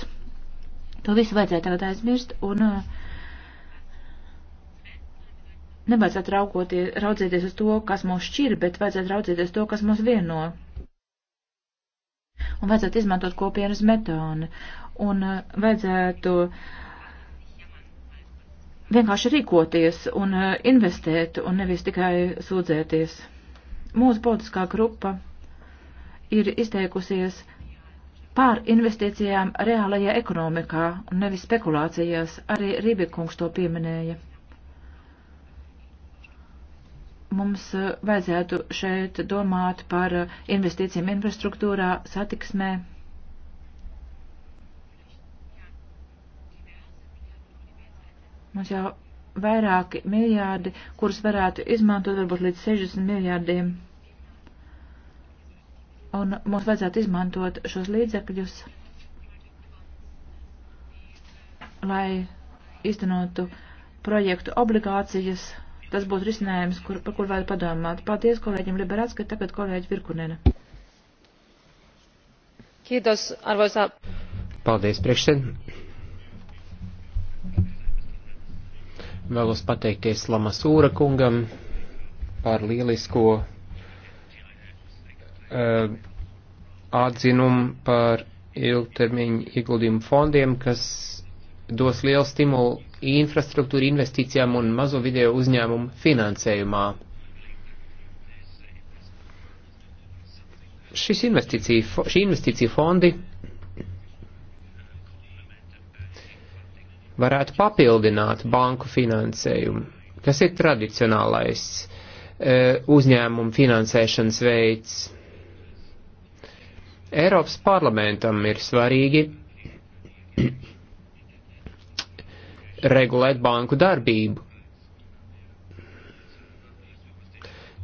To visu vajadzēja tagad aizmirst un eh, nevajadzētu raugoties, raudzīties uz to, kas mūs šķir, bet vajadzētu raudzīties to, kas mūs vieno. Un vajadzētu izmantot kopienas metodi. Un eh, vajadzētu vienkārši rīkoties un eh, investēt un nevis tikai sūdzēties. Mūsu politiskā grupa ir izteikusies pār investīcijām reālajā ekonomikā un nevis spekulācijās, arī Rībikungs to pieminēja. Mums eh, vajadzētu šeit domāt par eh, investīcijām infrastruktūrā, satiksmē. Mums jau vairāki miljārdi, kurus varētu izmantot varbūt līdz 60 miljārdiem un mums vajadzētu izmantot šos līdzekļus, lai iztenotu projektu obligācijas. Tas būtu risinājums, kur, par kur vajag padomāt. Paldies kolēģim Liberātskai, tagad kolēģi Virkunena. Kīdos, arvoisā. Paldies, priekšsēd. Vēlos pateikties Lamasūra kungam par lielisko uh, atzinumu par ilgtermiņu ieguldījumu fondiem, kas dos lielu stimulu infrastruktūra investīcijām un mazo video uzņēmumu finansējumā. Šis investīcija, šī investīcija fondi varētu papildināt banku finansējumu, kas ir tradicionālais uh, uzņēmumu finansēšanas veids. Eiropas parlamentam ir svarīgi regulēt banku darbību.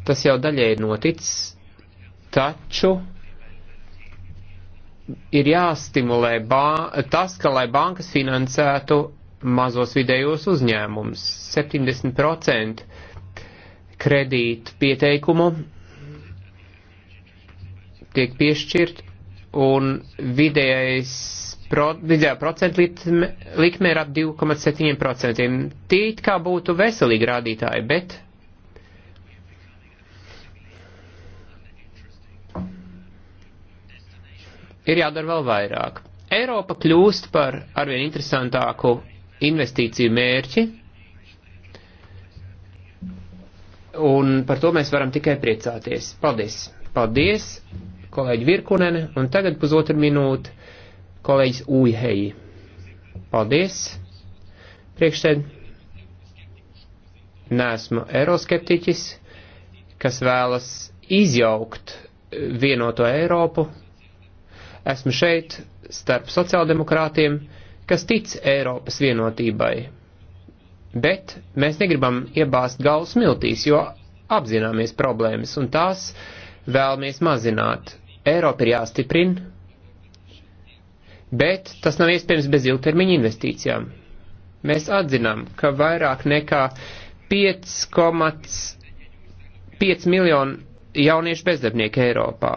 Tas jau daļai ir noticis, taču ir jāstimulē tas, ka lai bankas finansētu mazos vidējos uzņēmumus. 70% kredītu pieteikumu tiek piešķirt un vidējais pro, vidējā procentu likme, likme ir ap 2,7%. Tie it kā būtu veselīgi rādītāji, bet. Ir jādara vēl vairāk. Eiropa kļūst par arvien interesantāku investīciju mērķi, un par to mēs varam tikai priecāties. Paldies! Paldies! kolēģi Virkunen, un tagad pusotru minūtu kolēģis Ujheji. Paldies! Priekšsēd, nesmu eiroskeptiķis, kas vēlas izjaukt vienoto Eiropu. Esmu šeit starp sociāldemokrātiem, kas tic Eiropas vienotībai. Bet mēs negribam iebāzt galvu smiltīs, jo apzināmies problēmas un tās vēlamies mazināt. Eiropa ir jāstiprina, bet tas nav iespējams bez ilgtermiņa investīcijām. Mēs atzinām, ka vairāk nekā 5,5 miljonu jauniešu bezdarbnieku Eiropā.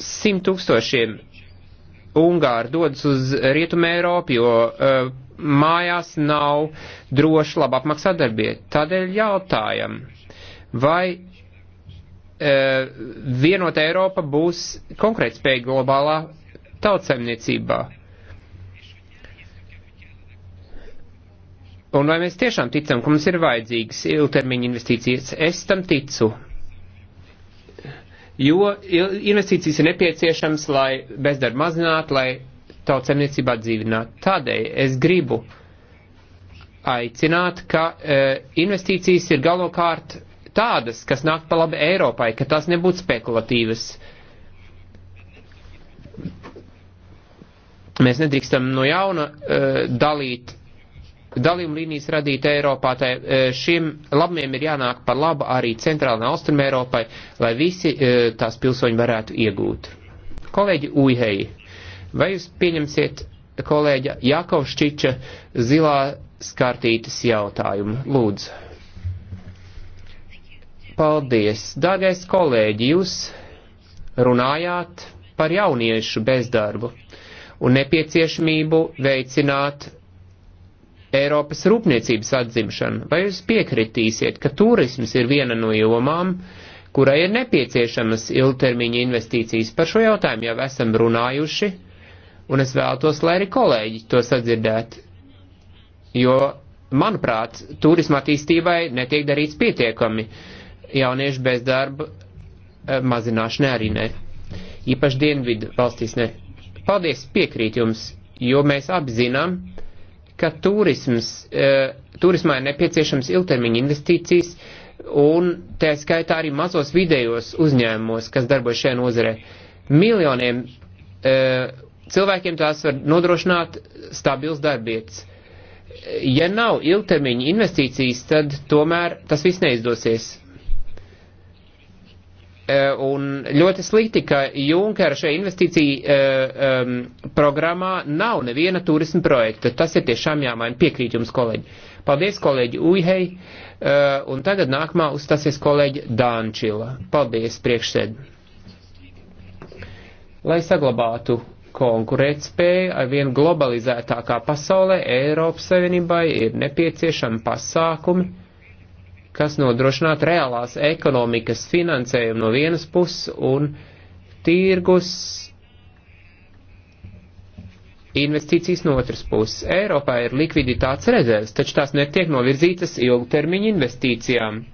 Simt tūkstošiem Ungāri dodas uz Rietumu Eiropu, jo uh, mājās nav droši labi apmaksāt darbie. Tādēļ jautājam, vai E, vienota Eiropa būs konkrētspēja globālā tautsaimniecībā. Un vai mēs tiešām ticam, ka mums ir vajadzīgas ilgtermiņa investīcijas? Es tam ticu. Jo investīcijas ir nepieciešams, lai bezdarbu mazinātu, lai tautsemniecībā dzīvinātu. Tādēļ es gribu aicināt, ka e, investīcijas ir galvenokārt tādas, kas nāk pa labi Eiropai, ka tās nebūtu spekulatīvas. Mēs nedrīkstam no jauna uh, dalīt, dalījuma līnijas radīt Eiropā, tā uh, eh, šiem labumiem ir jānāk par labu arī centrāla un austruma Eiropai, lai visi uh, tās pilsoņi varētu iegūt. Kolēģi Ujheji, vai jūs pieņemsiet kolēģa Jakovšķiča zilā skartītas jautājumu? Lūdzu. Paldies. Dārgais kolēģi, jūs runājāt par jauniešu bezdarbu un nepieciešamību veicināt Eiropas rūpniecības atzimšanu. Vai jūs piekritīsiet, ka turisms ir viena no jomām, kurai ir nepieciešamas ilgtermiņa investīcijas? Par šo jautājumu jau esam runājuši, un es vēlētos, lai arī kolēģi to sadzirdētu. Jo, manuprāt, turisma attīstībai netiek darīts pietiekami. Uh, jauniešu bezdarba eh, mazināšanai arī ne. Īpaši dienvidu valstīs ne. Paldies, piekrīt jums, jo mēs apzinām, ka turisms, eh, turismā ir nepieciešams ilgtermiņa investīcijas un tā skaitā arī mazos vidējos uzņēmumos, kas darbojas šajā nozarē. Miljoniem eh, cilvēkiem tās var nodrošināt stabils darbietis ja nav ilgtermiņa investīcijas, tad tomēr tas viss neizdosies. Eh, un ļoti slikti, ka Junkera šajā investīcija um, eh, programmā nav neviena turisma projekta. Tas ir tiešām jāmaina. Piekrīt jums, kolēģi. Paldies, kolēģi Ujhei. Uh, eh, un tagad nākamā uzstāsies kolēģi Dānčila. Paldies, priekšsēd. Lai saglabātu konkurētspēju ar vien globalizētākā pasaulē, Eiropas Savienībai ir nepieciešami pasākumi kas nodrošinātu reālās ekonomikas finansējumu no vienas puses un tirgus investīcijas no otras puses. Eiropā ir likviditātes rezerves, taču tās netiek novirzītas ilgtermiņa investīcijām.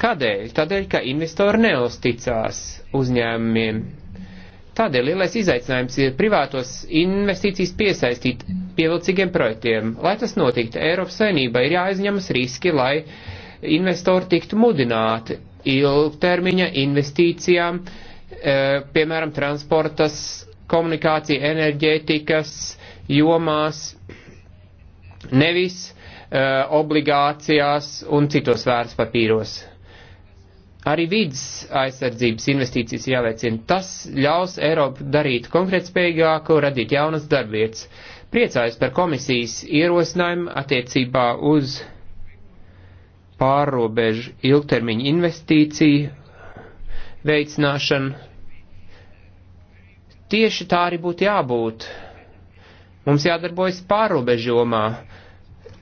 Kādēļ? Tādēļ, ka investori neusticās uzņēmumiem, Tādēļ lielais izaicinājums ir privātos investīcijas piesaistīt pievilcīgiem projektiem. Lai tas notiktu, Eiropas saimnībai ir jāaizņemas riski, lai investori tiktu mudināti ilgtermiņa investīcijām, eh, piemēram, transportas, komunikācija, enerģētikas jomās, nevis eh, obligācijās un citos vērtspapīros. Arī vidas aizsardzības investīcijas jāveicina. Tas ļaus Eiropu darīt konkrētspējīgāku, radīt jaunas darbvietas. Priecājos par komisijas ierosinājumu attiecībā uz pārrobežu ilgtermiņu investīciju veicināšanu. Tieši tā arī būtu jābūt. Mums jādarbojas pārrobežomā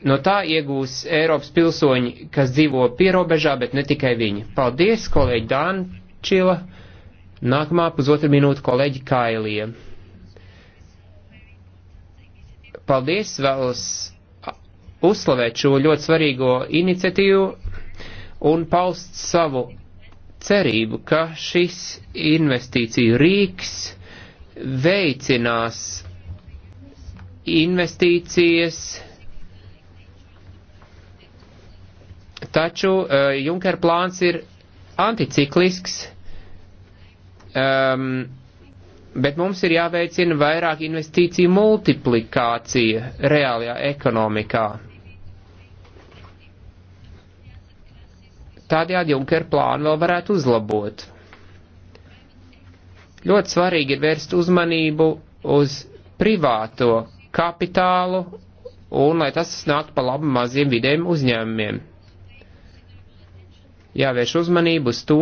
No tā iegūs Eiropas pilsoņi, kas dzīvo pierobežā, bet ne tikai viņi. Paldies, kolēģi Dānčila. Nākamā pusotra minūte kolēģi Kailie. Paldies, vēlos uzslavēt šo ļoti svarīgo iniciatīvu un paust savu cerību, ka šis investīciju rīks veicinās investīcijas Taču uh, Junker plāns ir anticiklisks, um, bet mums ir jāveicina vairāk investīciju multiplikācija reālajā ekonomikā. Tādējādi Junker plānu vēl varētu uzlabot. Ļoti svarīgi ir vērst uzmanību uz privāto kapitālu un lai tas nāk pa labu maziem vidējiem uzņēmumiem jāvērš uzmanību uz to,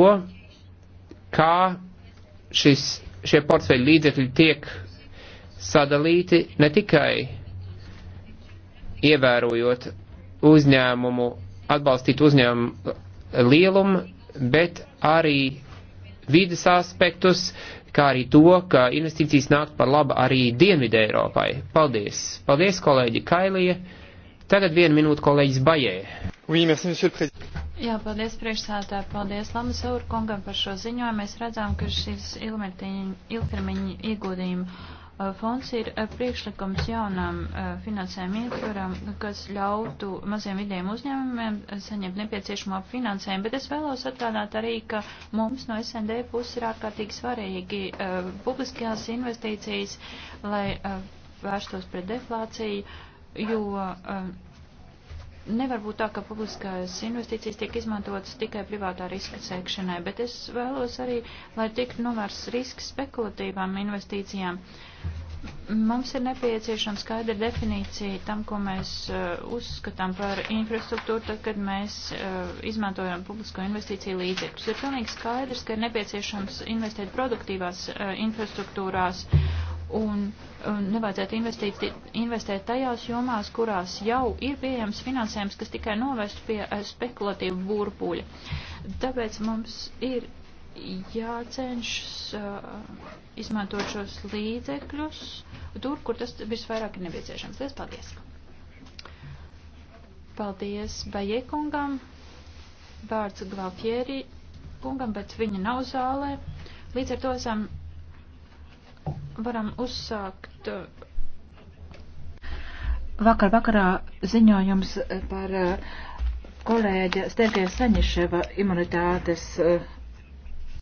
kā šis, šie portfeļu līdzekļi tiek sadalīti ne tikai ievērojot uzņēmumu, atbalstīt uzņēmumu lielumu, bet arī vidas aspektus, kā arī to, ka investīcijas nākt par labu arī Dienvidē Eiropai. Paldies! Paldies, kolēģi Kailija! Tagad vienu minūtu kolēģis Bajē. Oui, merci, Jā, paldies priekšsētā, paldies Lamas Eurkungam par šo ziņojumu. Mēs redzam, ka šis ilgtermiņa ieguldījuma uh, fonds ir uh, priekšlikums jaunam uh, finansējuma ietvaram, kas ļautu maziem vidiem uzņēmumiem saņemt nepieciešamo finansējumu. Bet es vēlos atgādāt arī, ka mums no SND puses ir ārkārtīgi svarīgi publiskajās investīcijas, lai vērstos pret deflāciju, jo nevar būt tā, ka publiskās investīcijas tiek izmantotas tikai privātā riska sēkšanai, bet es vēlos arī, lai tiktu novērsts risks spekulatīvām investīcijām. Mums ir nepieciešama skaidra definīcija tam, ko mēs uh, uzskatām par infrastruktūru, tad, kad mēs uh, izmantojam publisko investīciju līdzekļus. Ir pilnīgi skaidrs, ka ir nepieciešams investēt produktīvās uh, infrastruktūrās. Uh, un, un nevajadzētu investīt, investēt tajās jomās, kurās jau ir pieejams finansējums, kas tikai novest pie eh, spekulatīvu burbuļa. Tāpēc mums ir jācenšas uh, izmantot šos līdzekļus tur, kur tas visvairāk ir nepieciešams. Lies paldies! Paldies Bajekungam, vārds Gvalfieri kungam, bet viņa nav zālē. Līdz ar to esam varam uzsākt. Eh, Vakar vakarā ziņojums eh, par eh, kolēģa Stērkēja Saņiševa imunitātes